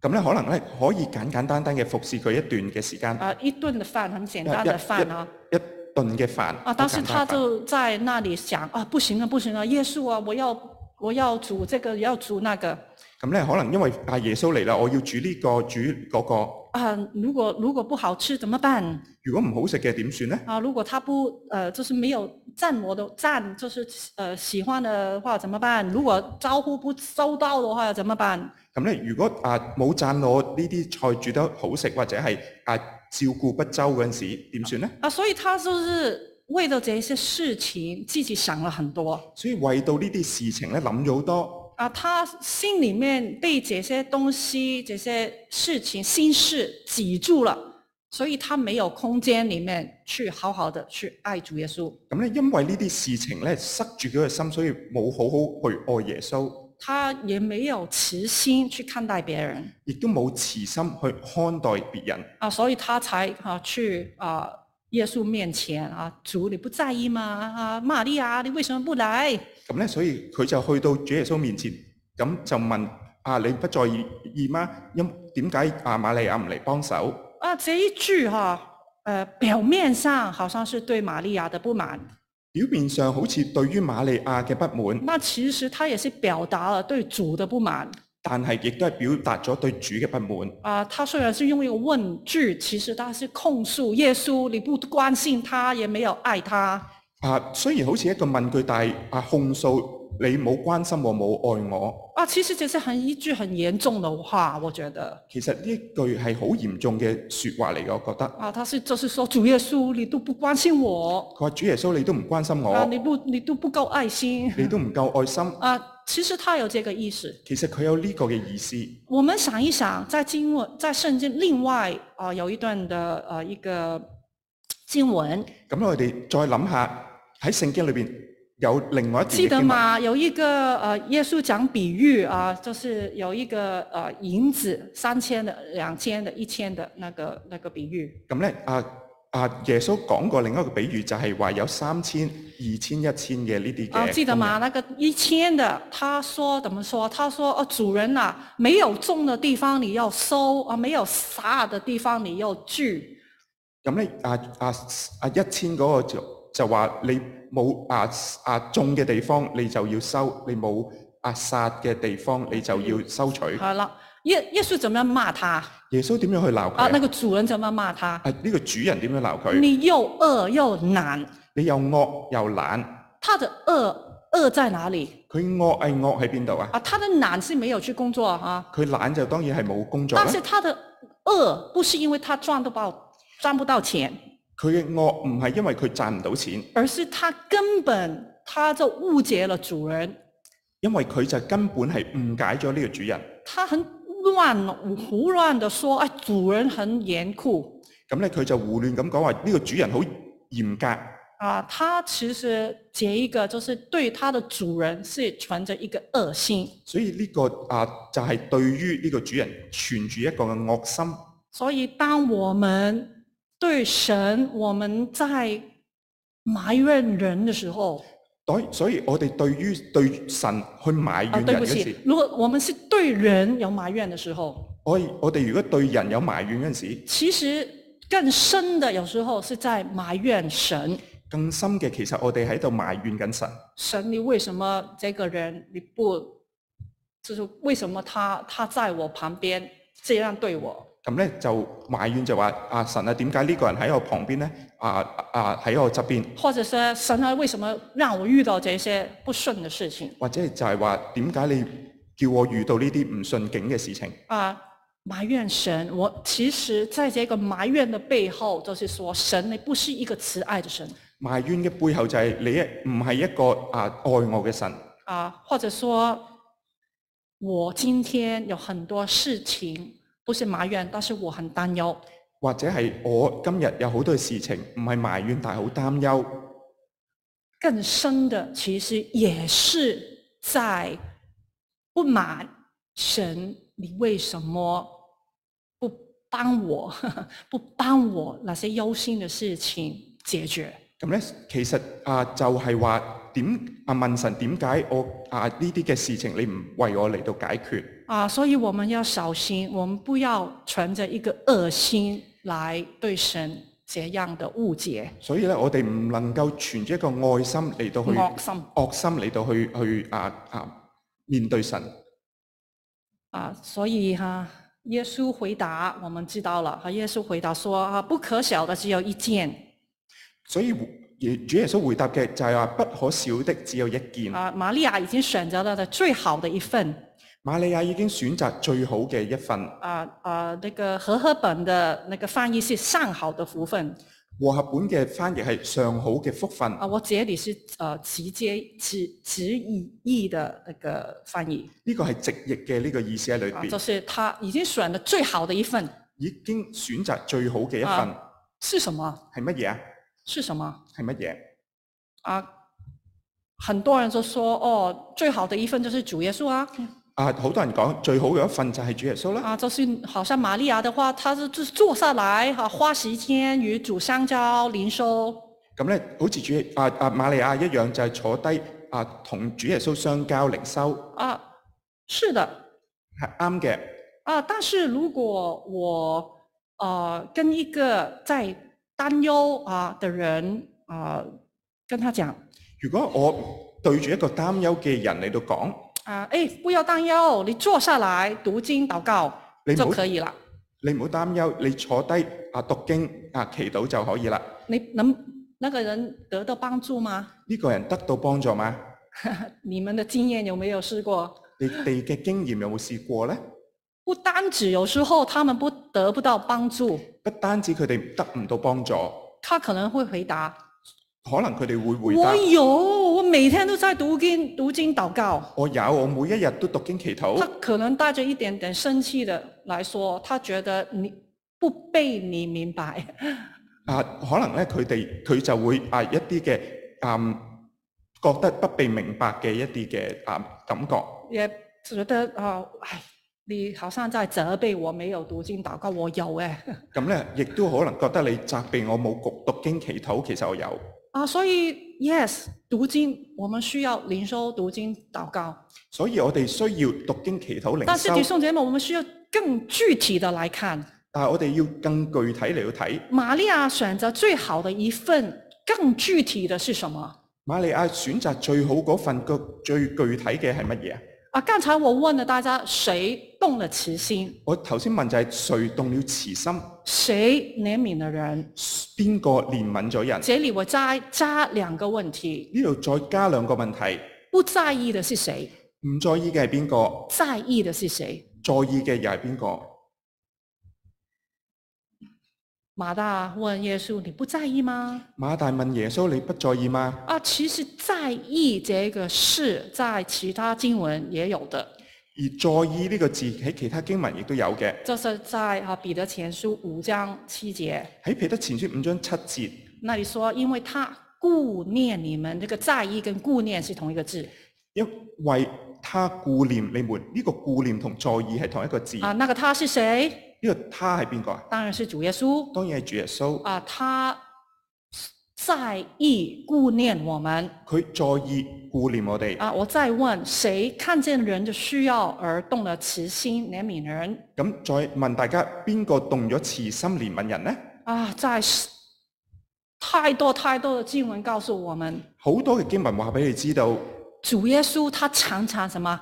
咁咧，可能咧，可以簡簡單單嘅服侍佢一段嘅時間。啊，一頓嘅飯，很簡單嘅飯啊。一頓嘅飯。啊，但是他就在那裡想，啊，不行啊，不行啊，耶穌啊，我要，我要煮這個，要煮那個。咁咧，可能因為啊，耶穌嚟啦，我要煮呢、這個，煮嗰、那個。如果如果不好吃，怎麼辦？如果唔好食嘅點算咧？啊，如果他不，誒、呃，就是沒有讚我都讚，就是誒、呃、喜歡嘅話怎麼辦？如果招呼不周到嘅話又怎麼辦？咁咧，如果啊冇、呃、讚我呢啲菜煮得好食，或者係啊、呃、照顧不周嗰陣時候，點算呢？啊、呃，所以他就是為了這些事情自己想了很多。所以為到呢啲事情咧，諗咗好多。啊，他心裏面被這些東西、這些事情、心事擠住了，所以他沒有空間裏面去好好的去愛主耶穌。咁因為呢啲事情呢塞住咗佢心，所以冇好好去愛耶穌。他也沒有慈心去看待別人，亦都冇慈心去看待別人。啊，所以他才去啊去啊耶穌面前啊，主，你不在意嗎？啊，瑪利亞，你為什麼不來？咁咧，所以佢就去到主耶穌面前，咁就問：啊，你不在意嗎？因點解阿瑪利亞唔嚟幫手？啊，這一句哈、呃，表面上好像是對瑪利亞的不滿。表面上好似對於瑪利亞嘅不滿。那其實他也是表達了對主的不滿。但係亦都係表達咗對主嘅不滿。啊，他雖然是用一個問句，其實他是控訴耶穌，你不關心他，也沒有愛他。啊，雖然好似一個問句，但係啊控訴你冇關心我冇愛我。啊，其實這是很一句很嚴重的話，我覺得。其實呢一句係好嚴重嘅說話嚟，我覺得。啊，他是就是說主耶穌你都不關心我。佢話主耶穌你都唔關心我。你你都不夠愛心。你都唔夠愛心。啊，其實他有這個意思。其實佢有呢個嘅意思。我們想一想，在經文在聖經另外啊有一段的、呃、一個經文。咁、嗯、我哋再諗下。喺聖經裏邊有另外一的記得嘛，有一個誒，耶穌講比喻啊，就是有一個誒，銀子三千的、兩千的、一千的，那個那個比喻。咁、嗯、咧，啊啊，耶穌講過另一個比喻，就係、是、話有三千、二千、一千嘅呢啲嘅。記得嘛，那個一千的，他說怎麼說？他說、哦：主人啊，沒有種的地方你要收，啊，沒有撒的地方你要聚。咁咧，啊啊啊，一千嗰個就就話你冇壓壓種嘅地方，你就要收；你冇壓殺嘅地方，你就要收取。係啦，耶耶穌點樣罵他？耶穌點樣去鬧佢？啊，那個主人點樣罵他？啊，呢個主人點樣鬧佢？你又惡又懶。你又惡又懶。他的惡惡在哪裡？佢惡係惡喺邊度啊？啊，他的懶是沒有去工作啊。佢懶就當然係冇工作。但是他的惡不是因為他賺到包賺不到錢。佢嘅惡唔係因為佢賺唔到錢，而是他根本他就誤解了主人，因為佢就根本係誤解咗呢個主人。他很亂胡亂的說，哎，主人很嚴酷。咁咧，佢就胡亂咁講話，呢，這個主人好嚴格。啊，他其實這一個就是對他的主人是存着一個惡心。所以呢，這個啊，就係，是，對於呢個主人存住一個嘅惡心。所以當我們對神，我們在埋怨人的時候，對，所以我哋對於對神去埋怨嗰陣時，對不起，如果我們是對人有埋怨的時候，我我哋如果對人有埋怨嗰陣時，其實更深的有時候是在埋怨神，更深嘅其實我哋喺度埋怨緊神，神你為什麼這個人你不，就是為什麼他他在我旁邊這樣對我？咁咧就埋怨就話阿、啊、神啊，點解呢個人喺我旁邊咧啊、啊喺我側邊，或者說神啊，為什麼讓我遇到這些不順的事情，或者就係話點解你叫我遇到呢啲唔順境嘅事情啊，埋怨神，我其實在這個個埋怨的背後，就是說神你不是一個慈愛嘅神，埋怨嘅背後就係、是、你唔係一個啊愛我嘅神啊，或者說我今天有很多事情。不是埋怨，但是我很擔憂。或者係我今日有好多事情，唔係埋怨，但係好擔憂。更深的，其實也是在不滿神，你為什麼不幫我？不幫我那些憂心的事情解決。咁咧，其實啊，就係話點啊問神點解我啊呢啲嘅事情你唔為我嚟到解決？啊，所以我們要小心，我們不要存着一個惡心來對神這樣的誤解。所以呢，我哋唔能夠存着一個愛心嚟到去惡心，惡心嚟到去去啊啊面對神。啊，所以哈，耶穌回答我們知道了，耶穌回答說啊，不可少的只有一件。所以，主耶穌回答嘅就是不可少的只有一件。啊，瑪利亞已經選擇了最好的一份。瑪利亞已經選擇最好嘅一份。啊啊，那個和合本嘅那個翻譯是上好嘅福分。和合本嘅翻譯係上好嘅福分。啊，我這裏是啊直接直直意意嘅那個翻譯。呢、呢個係直譯嘅呢個意思喺裏邊。就是他已經選了最好嘅一份。已經選擇最好嘅一份，啊。是什麼？係乜嘢啊？係什麼？係乜嘢？啊！很多人都說：哦，最好的一份就是主耶穌啊！啊！好多人講，最好嘅一份就係主耶穌啦。啊，就算好像瑪利亞的話，他是坐坐下來，哈，花時間與主相交靈修。咁、嗯、咧，好似主啊啊瑪利亞一樣，就係、是、坐低啊，同主耶穌相交靈修。啊，是的，啱嘅。啊，但是如果我，誒、呃，跟一個在擔憂啊的人，啊、呃，跟他講，如果我對住一個擔憂嘅人嚟到講。誒、哎，不要擔憂，你坐下來讀經禱告你就可以了。你唔好擔憂，你坐低啊讀經啊祈禱就可以啦。你能那個人得到幫助嗎？呢、這個人得到幫助嗎？ [LAUGHS] 你們的經驗有沒有試過？你哋嘅經驗有冇試過呢？不單止有時候他們不得不到幫助，不單止佢哋得唔到幫助，他可能會回答，可能佢哋會回答。我有。每天都在讀經讀經禱告，我有，我每一日都讀經祈禱。他可能帶着一點點生氣的來說，他覺得你不被你明白。啊，可能咧，佢哋佢就會啊一啲嘅，嗯，覺得不被明白嘅一啲嘅啊感覺。也覺得啊，唉，你好像在責備我，沒有讀經禱告，我有嘅。咁咧，亦都可能覺得你責備我冇讀讀經祈禱，其實我有。啊、uh，所以 yes，讀經，我們需要靈修讀經禱告。所以我哋需要讀經祈禱靈修。但是你上節目，我們需要更具體的來看。但係我哋要更具體嚟去睇。瑪利亞選擇最好的一份，更具體的是什麼？瑪利亞選擇最好嗰份嘅最具體嘅係乜嘢啊？剛剛才我問了大家，誰動了慈心？我頭先問就係誰動了慈心？誰憐憫了人？邊個憐憫咗人？這裡我加加兩個問題。呢度再加兩個問題。不在意的是誰？唔在意嘅係邊個？在意的是誰？在意嘅又係邊個？馬大問耶穌：你不在意嗎？馬大問耶穌：你不在意嗎？啊，其實在意這個事，在其他經文也有的。而在意呢個字喺其他經文亦都有嘅。就是在哈彼得前書五章七節。喺彼得前書五章七節。那你說，因為他顧念你們，這個在意跟顧念是同一個字。因為他顧念你們，呢個顧念同在意係同一個字。啊，那個他是誰？因、這個他係邊個啊？當然是主耶穌。當然係主耶穌。啊，他在意顧念我們。佢在意顧念我哋。啊，我再問，誰看見人的需要而動了慈心憐憫人？咁、啊、再問大家，邊個動咗慈心憐憫人呢？啊，在太多太多的經文告訴我們，好多嘅經文話俾你知道，主耶穌他常常什麼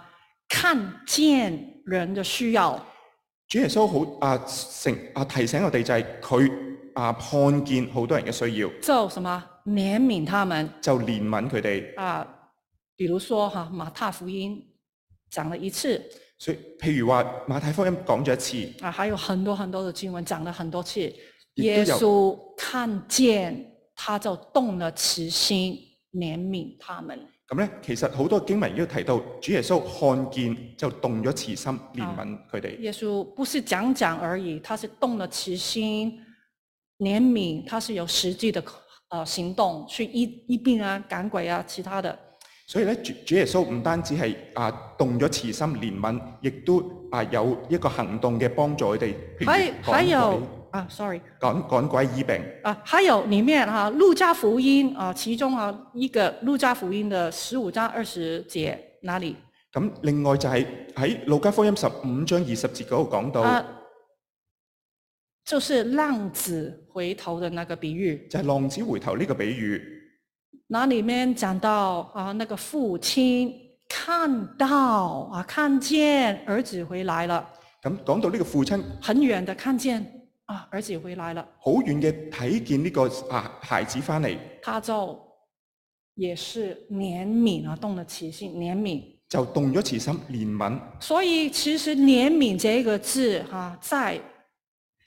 看見人的需要。主耶穌好啊，成啊提醒我哋就係佢啊看見好多人嘅需要，就什麼憐憫他們，就憐憫佢哋啊。比如說吓、啊、馬太福音講了一次，所以譬如話馬太福音講咗一次，啊還有很多很多的經文講了很多次，耶穌看見他就動了慈心，憐憫他們。咁咧，其實好多經文都提到，主耶穌看見就動咗慈心，憐憫佢哋。耶穌不是講講而已，他是動了慈心，憐憫，他是有實際的啊行動去醫病啊、趕鬼啊、其他的。所以咧，主耶穌唔單止係啊動咗慈心憐憫，亦都啊有一個行動嘅幫助佢哋。譬如係還有。啊、ah，sorry，趕趕鬼醫病。啊，還有裏面啊，路加福音啊，其中啊一個路加福音的十五章二十節，哪裏？咁、嗯、另外就係喺路加福音十五章二十節嗰度講到，啊，就是浪子回頭的那個比喻，就係、是、浪子回頭呢個比喻。那裏面講到啊，那個父親看到啊，看見兒子回來了。咁、嗯、講到呢個父親，很遠的看見。啊，兒子回來了，好遠嘅睇見呢個啊孩子翻嚟，他就也是憐憫啊，動了慈心，憐憫就動咗慈心，憐憫。所以其實憐憫這個字哈，在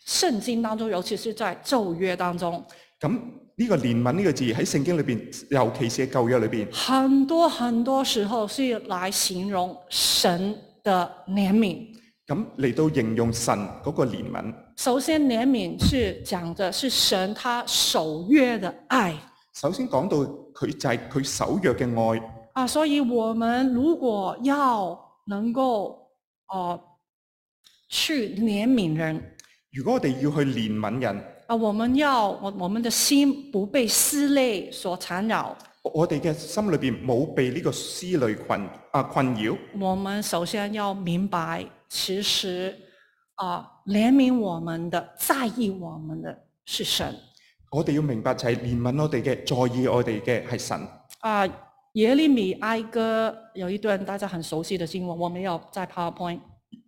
聖經當中，尤其是在舊約當中，咁呢個憐憫呢個字喺聖經裏邊，尤其是喺舊約裏邊，很多很多時候是來形容神的憐憫。咁嚟到形容神嗰個憐憫。首先憐憫是講的，是神他守約的愛。首先講到佢就係佢守約嘅愛。啊，所以我們如果要能夠哦、呃、去憐憫人，如果我哋要去憐憫人，啊，我們要我，我們的心不被思慮所纏繞。我哋嘅心裏邊冇被呢個思慮困啊困擾。我們首先要明白，其實啊。憐憫我們的，在意我們的是神。我哋要明白就係憐憫我哋嘅，在意我哋嘅係神。啊，耶利米哀歌有一段大家很熟悉的經文，我沒有在 power point。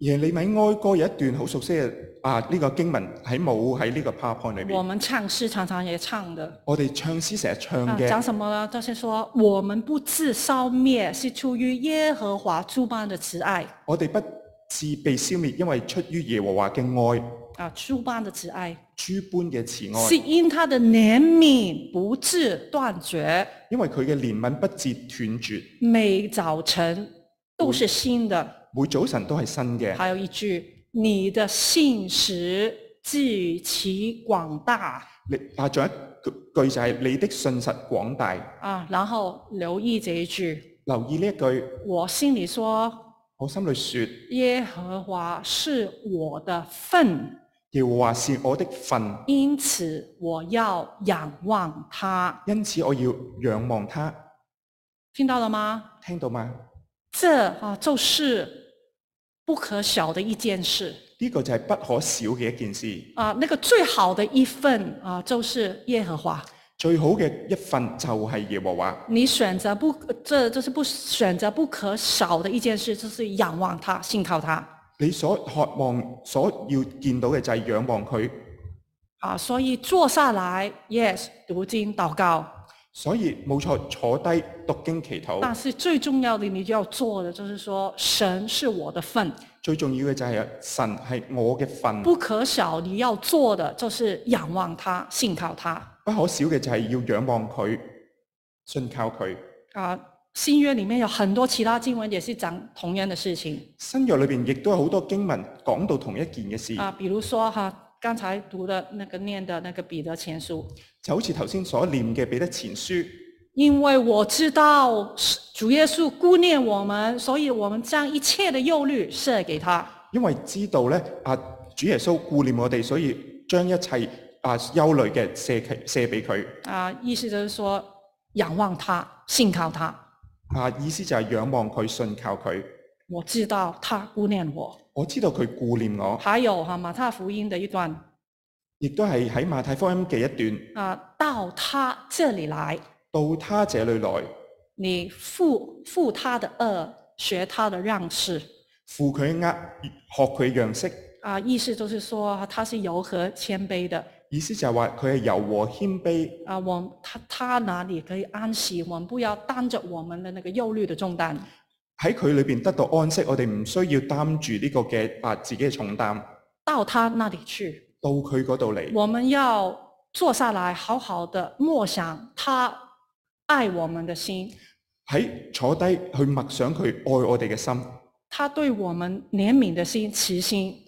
耶利米哀歌有一段好熟悉嘅啊，呢、這個經文喺冇喺呢個 power point 裏面。我們唱詩常常也唱的。我哋唱詩成日唱嘅。講什麼呢？就是說，我們不至消滅，是出於耶和華諸般的慈愛。我哋不。自被消滅，因為出於耶和華嘅愛。啊，諸般的慈愛。諸般嘅慈愛。是因他的憐憫不至斷絕。因為佢嘅憐憫不至斷絕。每早晨都是新的。每，每早晨都係新嘅。還有一句：你的信實極其廣大。你啊，仲，一句就係你的信實廣大。啊，然後留意這一句。啊，留意呢一句。我心裏說。我心裏說：耶和華是我的份，耶和華是我的份，因此我要仰望他，因此我要仰望他。聽到了嗎？聽到嗎？這啊就是不可少的一件事。呢個就係不可少嘅一件事。啊，那個最好的一份啊，就是耶和華。最好嘅一份就係耶和華。你選擇不，這就是不選擇不可少的一件事，就是仰望他、信靠他。你所渴望、所要見到嘅就係仰望佢。啊，所以坐下來，Yes，讀經、禱告。所以冇錯，坐低讀經祈禱。但是最重要的，你就要做的就是說，神是我的份。最重要的就係神係我嘅份。不可少，你要做的就是仰望他、信靠他。不可少嘅就係要仰望佢，信靠佢。啊，新約裏面有很多其他經文也是講同樣的事情。新約裏邊亦都有好多經文講到同一件嘅事。啊，比如說哈，剛才讀的那個念的那個彼得前書，就好似頭先所念嘅彼得前書。因為我知道主耶穌顧念我們，所以我們將一切的憂慮卸給他。因為知道咧，啊，主耶穌顧念我哋，所以將一切。啊，憂慮嘅卸卸俾佢。啊，意思就是說仰望他，信靠他。啊，意思就係仰望佢，信靠佢。我知道他顧念我。我知道佢顧念我。還有喺、啊、馬太福音的一段，亦都係喺馬太福音嘅一段。啊，到他這裏來，到他這裏來。你負負他的軛，學他的樣式。負佢軛，學佢樣式。啊，意思就是說，他是柔和謙卑的。意思就係話佢係柔和謙卑。啊，我他他那裏可以安息，我們不要擔着我們的那個憂慮的重擔。喺佢裏邊得到安息，我哋唔需要擔住呢個嘅啊自己嘅重擔。到他那裏去。到佢嗰度嚟。我們要坐下來，好好的默想他愛我們的心。喺坐低去默想佢愛我哋嘅心。他對我們憐憫的心，慈心，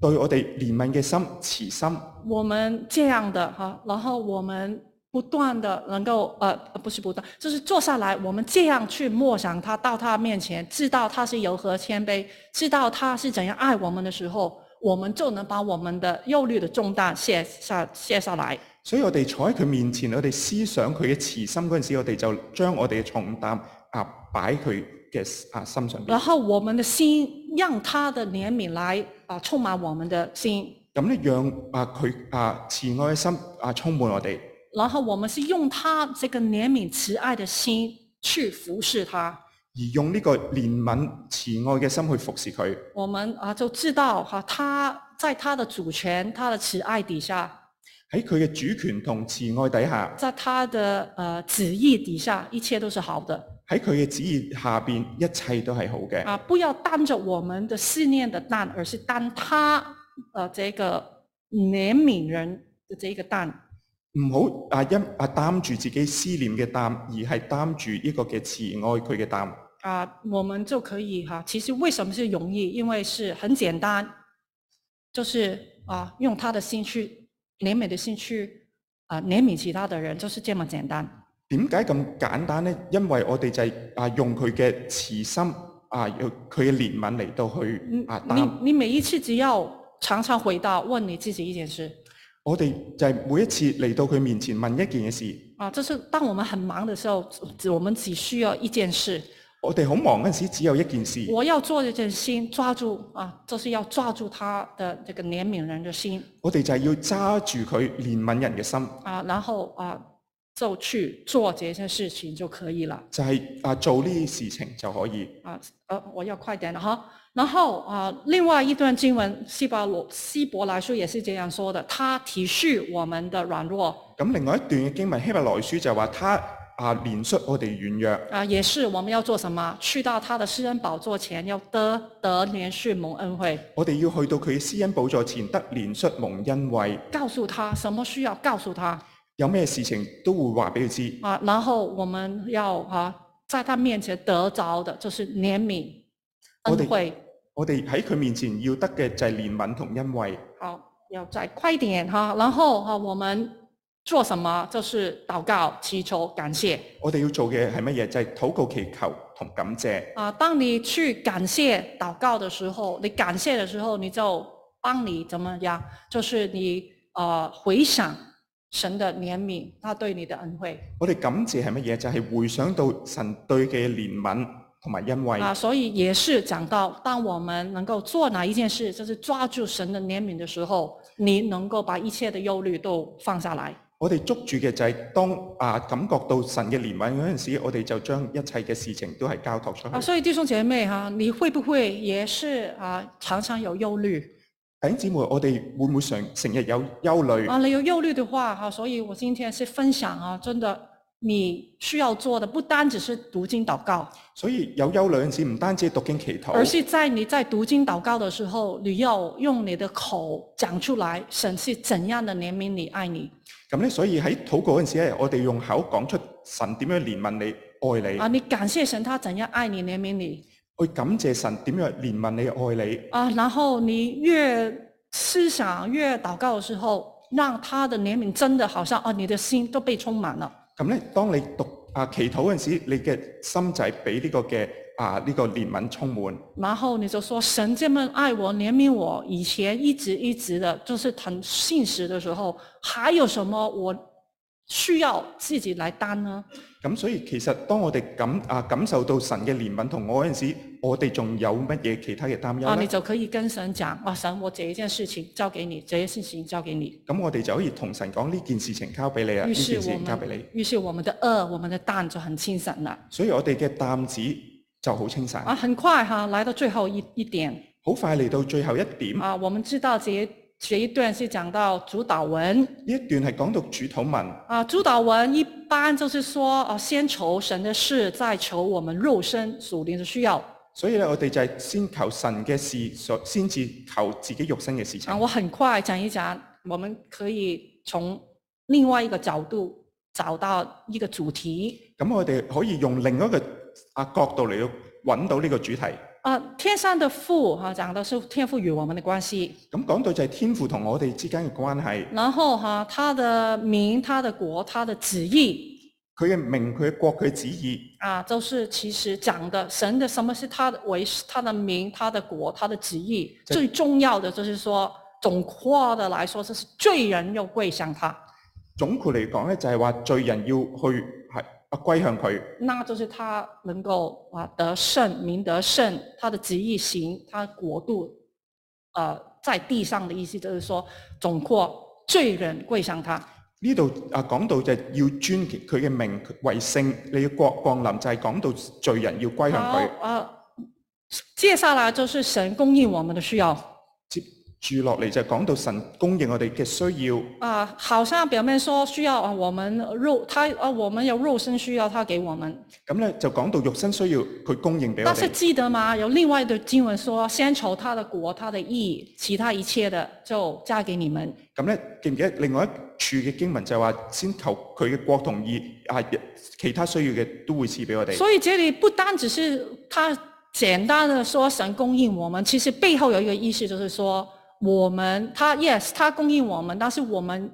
對我哋憐憫嘅心，慈心，我們這樣的哈，然後我們不斷的能夠，呃，不是不斷，就是坐下來，我們這樣去默想他，到他面前，知道他是如何謙卑，知道他是怎樣愛我們的時候，我們就能把我們的憂慮的重擔卸下，卸下來。所以我哋坐喺佢面前，我哋思想佢嘅慈心嗰陣時，我哋就將我哋嘅重擔啊擺佢嘅啊心上邊。然後我們的心讓他的憐憫來。啊！充滿我們的心，咁呢讓啊佢啊慈愛的心啊充滿我哋。然後我們是用他這個憐憫慈愛的心去服侍他，而用呢個憐憫慈愛嘅心去服侍佢。我們啊就知道哈，他在他的主權、他的慈愛底下，喺佢嘅主權同慈愛底下，在他的呃旨意底下，一切都是好的。喺佢嘅旨意下邊，一切都係好嘅。啊，不要擔着我們嘅思念嘅擔，而是擔他，誒、呃，這個憐憫人嘅這一個擔。唔好啊，因啊擔住自己思念嘅擔，而係擔住呢個嘅慈愛佢嘅擔。啊，我們就可以哈，其實為什麼是容易？因為是很簡單，就是啊，用他的心去，憐憫的心去，啊，憐憫其他的人，就是這麼簡單。點解咁簡單呢？因為我哋就係啊用佢嘅慈心啊，佢嘅憐憫嚟到去啊打。你你每一次只要常常回答問你自己一件事。我哋就係每一次嚟到佢面前問一件事。啊，就是，當我們很忙的時候，我們只需要一件事。我哋好忙嗰陣時，只有一件事。我要做一件事抓住啊，就是要抓住他的呢個憐憫人的心。我哋就係要揸住佢憐憫人嘅心。啊，然後啊。就去做這些事情就可以了，就係、是、啊做呢啲事情就可以。啊，我要快點了哈。然後啊，另外一段經文，希伯羅希伯來書也是這樣說的，他體恤我們的軟弱。咁另外一段經文希伯來書就話他啊憐恤我哋軟弱。啊，也是我們要做什麼？去到他的施恩寶座前要得得憐恤蒙恩惠。我哋要去到佢施恩寶座前得憐恤蒙恩惠。告訴他什麼需要告訴他？有咩事情都會話俾佢知啊。然後我們要在他面前得着的，就是憐憫恩惠。我哋我哋喺佢面前要得嘅就係憐憫同恩惠。好，要再快點哈。然後我們做什麼？就是禱告、祈求、感謝。我哋要做嘅係乜嘢？就係、是、禱告、祈求同感謝。啊，當你去感謝禱告的時候，你感謝的時候，你就幫你怎麼樣？就是你啊、呃、回想。神的憐憫，他對你的恩惠。我哋感謝係乜嘢？就係回想到神對嘅憐憫同埋恩惠。啊，所以也是講到，當我們能夠做哪一件事，就是抓住神嘅憐憫嘅時候，你能夠把一切嘅憂慮都放下來。我哋捉住嘅就係當啊感覺到神嘅憐憫嗰陣時，我哋就將一切嘅事情都係交託出去。啊，所以弟兄姐妹哈，你會不會也是啊，常常有憂慮？弟兄姐妹，我哋會唔會常成日有憂慮？啊，你有憂慮的話，所以我今天先分享啊，真的你需要做的不單只是讀經、禱告。所以有憂慮嗰陣時，唔單止讀經祈禱，而是在你在讀經禱告的時候，你要用你的口講出來，神是怎樣的憐憫你、愛你。咁、啊、咧，所以喺禱告嗰陣時咧，我哋用口講出神點樣憐憫你、愛你。啊，你感謝神，他怎樣愛你、憐憫你。去感謝神，點樣憐憫你、愛你啊？然後你越思想、越禱告的時候，讓他的憐憫真的好像哦、啊，你的心都被充滿了。咁咧，當你讀啊祈禱嗰陣時候，你嘅心仔俾呢個嘅啊呢、這個憐憫充滿。然後你就說：神這麼愛我、憐憫我，以前一直一直的，就是疼信實的時候，還有什麼我需要自己來擔呢？咁所以其實當我哋感啊感受到神嘅憐憫同我嗰陣時候，我哋仲有乜嘢其他嘅擔憂啊，你就可以跟神講，話、啊、神，我,這,一件這,一件我神講這件事情交給你，這件事情交給你。咁我哋就可以同神講呢件事情交俾你啊，呢件事交俾你。於是我們，的軛，我們的擔就很輕省啦。所以我哋嘅擔子就好輕省。啊，很快嚇、啊，來到最後一一點。好快嚟到最後一點。啊，我們知道這這一段是講到主禱文，呢一段係講到主禱文。啊，主禱文一般就是說，先求神的事，再求我們肉身所連的需要。所以咧，我哋就係先求神嘅事，所先至求自己肉身嘅事情。啊，我很快講一講，我們可以從另外一個角度找到一個主題。咁我哋可以用另一個啊角度嚟到揾到呢個主題。天上的父，哈，講的是天父與我們的關係。咁講到就係天父同我哋之間嘅關係。然後哈，他的名、他的國、他的旨意。佢嘅名、佢嘅國、佢嘅旨意。啊，就是其實講的神的什麼是他的為他的名、他的國、他的旨意、就是。最重要的就是說，總括的來說，就是罪人要跪向他。總括嚟講呢就係話罪人要去。啊，歸向佢，那就是他能夠啊得聖，名得聖，他的旨意行，他國度，呃，在地上的意思就是說，總括罪人歸向他。呢度啊講到就係要尊佢嘅名為聖，你嘅國降臨就係講到罪人要歸向佢。啊，接、呃、下來就是神供應我們的需要。嗯住落嚟就講到神供應我哋嘅需要。啊，好像表面說需要啊，我們肉，他啊，我們有肉身需要，他給我們。咁咧就講到肉身需要，佢供應俾我哋。但係記得嗎？有另外一段經文說，先求他的國、他的義，其他一切的就加給你們。咁咧記唔記得另外一處嘅經文就話，先求佢嘅國同意、啊，其他需要嘅都會賜俾我哋。所以這裡不單只是他簡單嘅說神供應我們，其實背後有一個意思就是說。我們，他 Yes，他供應我們，但是我們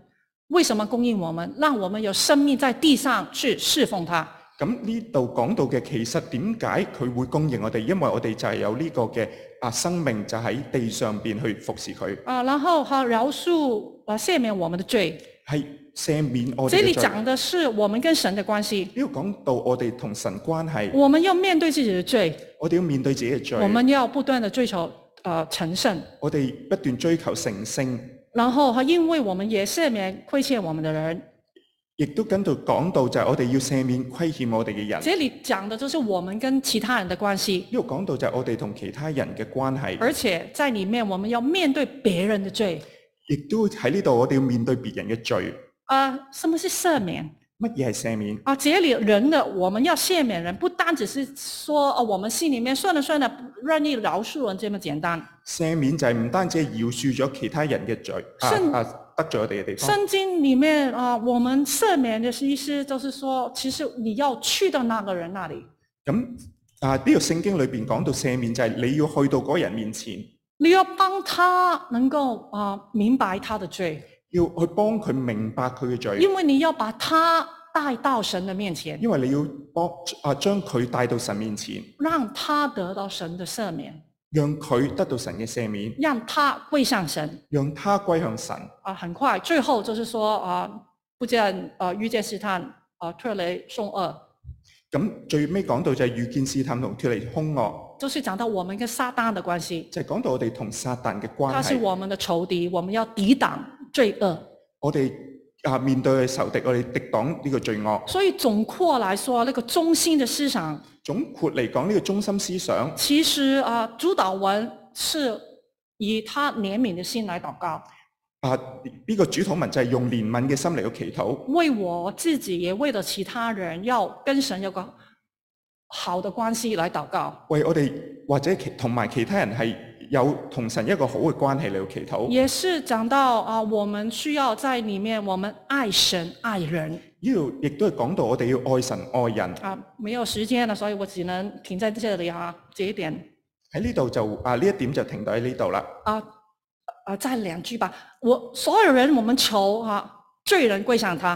為什麼供應我們？讓我們有生命在地上去侍奉他。咁呢度講到嘅，其實點解佢會供應我哋？因為我哋就係有呢個嘅啊生命，就喺地上邊去服侍佢。啊，然後可饒恕我，赦免我們的罪。係赦免我。這裏講的是我們跟神的關係。呢度講到我哋同神關係。我們要面對自己的罪。我哋要面對自己嘅罪。我們要不斷地追求。啊、呃，成聖，我哋不斷追求成聖。然後，因為我們也赦免虧欠我們嘅人，亦都跟度講到就係我哋要赦免虧欠我哋嘅人。即你講嘅，就是我們跟其他人的關係。呢個講到就係我哋同其他人嘅關係。而且在裡面，我們要面對別人的罪。亦都喺呢度，我哋要面對別人嘅罪。啊、呃，什麼是赦免？乜嘢係赦免？啊，這裡人的我們要赦免人，不單只是說，啊，我們心裡面算了算了，願意饒恕人這麼簡單。赦免就係唔單止饒恕咗其他人嘅罪，啊啊，得罪我哋嘅地方。聖經裡面啊，我們赦免嘅意思就是說，其實你要去到那個人那裡。咁、嗯、啊，呢個聖經裡邊講到赦免就係你要去到嗰人面前，你要幫他能夠啊明白他的罪。要去幫佢明白佢嘅罪，因為你要把他帶到神的面前，因為你要幫啊將佢帶到神面前，讓他得到神的赦免，讓佢得到神嘅赦免，讓他歸向神，讓他歸向神。啊，很快最後就是說啊，不見啊遇見試探，啊脫離凶惡。咁最尾講到就係遇見試探同脫離凶惡，就是講到我們跟撒旦的關係。就係、是、講到我哋同撒旦嘅關係。他是我們的仇敵，我們要抵擋。罪惡，我哋啊面對仇敵，我哋抵擋呢個罪惡。所以總括來說，呢、這個中心嘅思想。總括嚟講，呢、這個中心思想。其實啊，主禱文是以他憐憫嘅心嚟禱告。啊，呢、這個主禱文就係用憐憫嘅心嚟去祈禱。為我自己，也為了其他人，要跟神有一個好嘅關係嚟禱告。為我哋，或者同埋其他人係有同神一個好嘅關係嚟要祈禱，也是講到啊，我們需要在裏面，我們愛神愛人。呢度亦都係講到我哋要愛神愛人。啊，沒有時間啦，所以我只能停在這裏哈，這一點。喺呢度就啊，呢一點就停到喺呢度啦。啊啊，再兩句吧。我所有人，我們求，啊，罪人歸向他。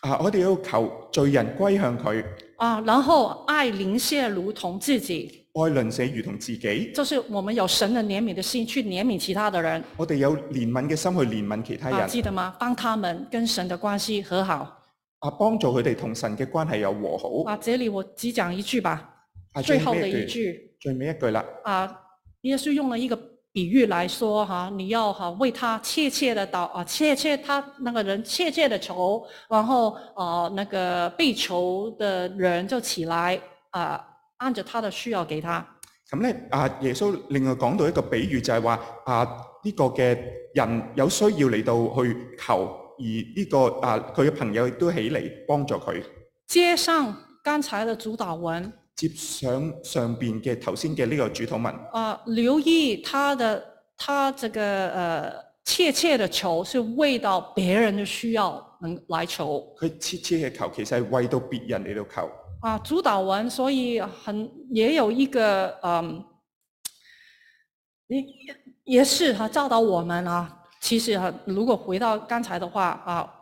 啊，我哋要求罪人歸向佢。啊，然後愛鄰舍如同自己，愛鄰舍如同自己，就是我們有神的，的，的有憐憫的心去憐憫其他的人。我哋有憐憫嘅心去憐憫其他人，記得嗎？幫他們跟神的關係和好，啊，幫助佢哋同神嘅關係又和好。啊，這裏我只講一句吧，啊、最後的一句，最尾一句啦。啊，因是用了一個。比喻來說，哈，你要為他切切的禱，啊，切切他那個人切切的求，然後、呃，那個被求的人就起來，啊、呃，按着他的需要給他。咁咧，啊，耶穌另外講到一個比喻就係話，啊，呢個嘅人有需要嚟到去求，而呢個啊佢嘅朋友亦都起嚟幫助佢。接上剛才的主禱文。接上上邊嘅頭先嘅呢個主禱文啊、呃，留意他的他這個誒、呃、切切的求是為到別人的需要能來求。佢切切嘅求其實係為到別人嚟到求。啊、呃，主禱文，所以很也有一個嗯、呃，也是哈，教導我們啊，其實哈、啊，如果回到剛才的話啊。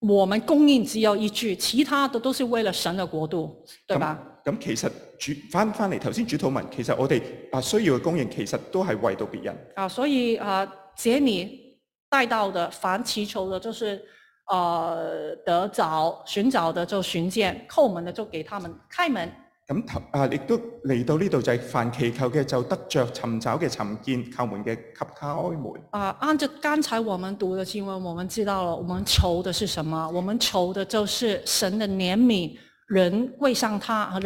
我們供應只有一句，其他的都是為了神的國度，對吧？咁其實主翻翻嚟頭先主討問，其實我哋啊需要嘅供應，其實都係為到別人。啊，所以啊、呃，姐你帶到的，凡祈求的，就是呃得着，尋找的就尋見，叩門的就給他們開門。咁啊！亦都嚟到呢度就係凡祈求嘅就得著，尋找嘅尋見，叩門嘅給他開門。啊！按照剛才我們讀嘅經文，我們知道了，我們求的是什麼？我們求的就是神嘅憐憫，人跪向他，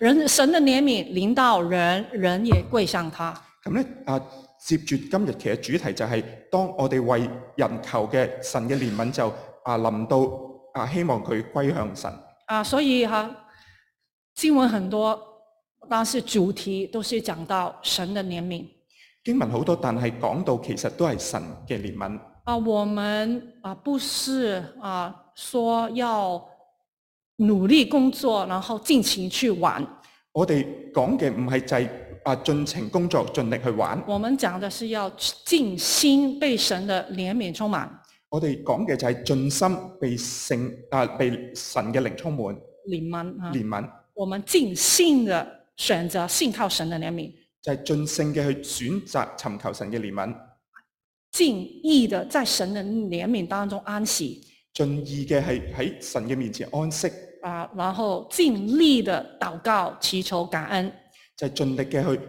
人神嘅憐憫臨到人，人也跪向他。咁、嗯、咧啊，接住今日其實主題就係、是、當我哋為人求嘅神嘅憐憫就啊臨到啊，希望佢歸向神。啊，所以吓。經文很多，但是主題都是講到神的憐憫。經文好多，但係講到其實都係神嘅憐憫。啊，我們啊，不是啊，說要努力工作，然後盡情去玩。我哋講嘅唔係就係啊，盡情工作，盡力去玩。我們講的是要盡心被神的憐憫充滿。我哋講嘅就係盡心被聖啊，被神嘅靈充滿。憐憫啊！憐憫。我們盡性的選擇信靠神的憐憫，就係、是、盡性嘅去選擇尋求神嘅憐憫，盡意的在神的憐憫當中安息，盡意嘅係喺神嘅面前安息，啊，然後盡力的禱告祈求感恩，就係、是、盡力嘅去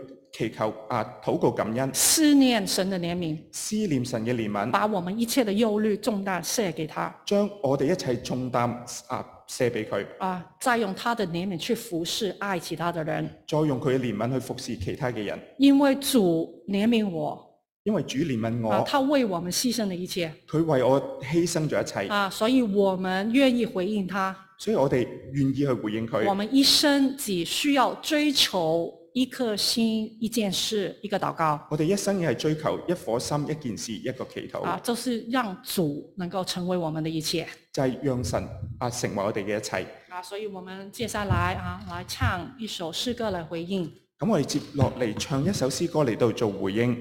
祈求啊，禱告感恩，思念神的憐憫，思念神嘅憐憫，把我們一切的憂慮重擔卸給他，將我哋一切重擔啊。捨俾佢啊！再用他的憐憫去服侍愛其他的人，再用佢嘅憐憫去服侍其他嘅人。因為主憐憫我，因為主憐憫我，他為我們犧牲了一切，佢為我犧牲咗一切啊！所以，我們願意回應他，所以我哋願意去回應佢。我們一生只需要追求，一顆心一件事一個禱告，我哋一生也係追求一顆心一件事一個祈禱。啊，就是讓主能夠成為我們的一切，就係讓神啊成為我哋嘅一切，啊，所以我們接下來啊來唱一首詩歌來回應，咁我哋接落嚟唱一首詩歌嚟到做回應，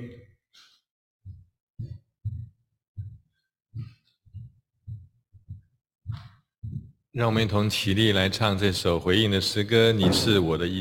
讓我們一同起立來唱這首回應的詩歌，你是我的一。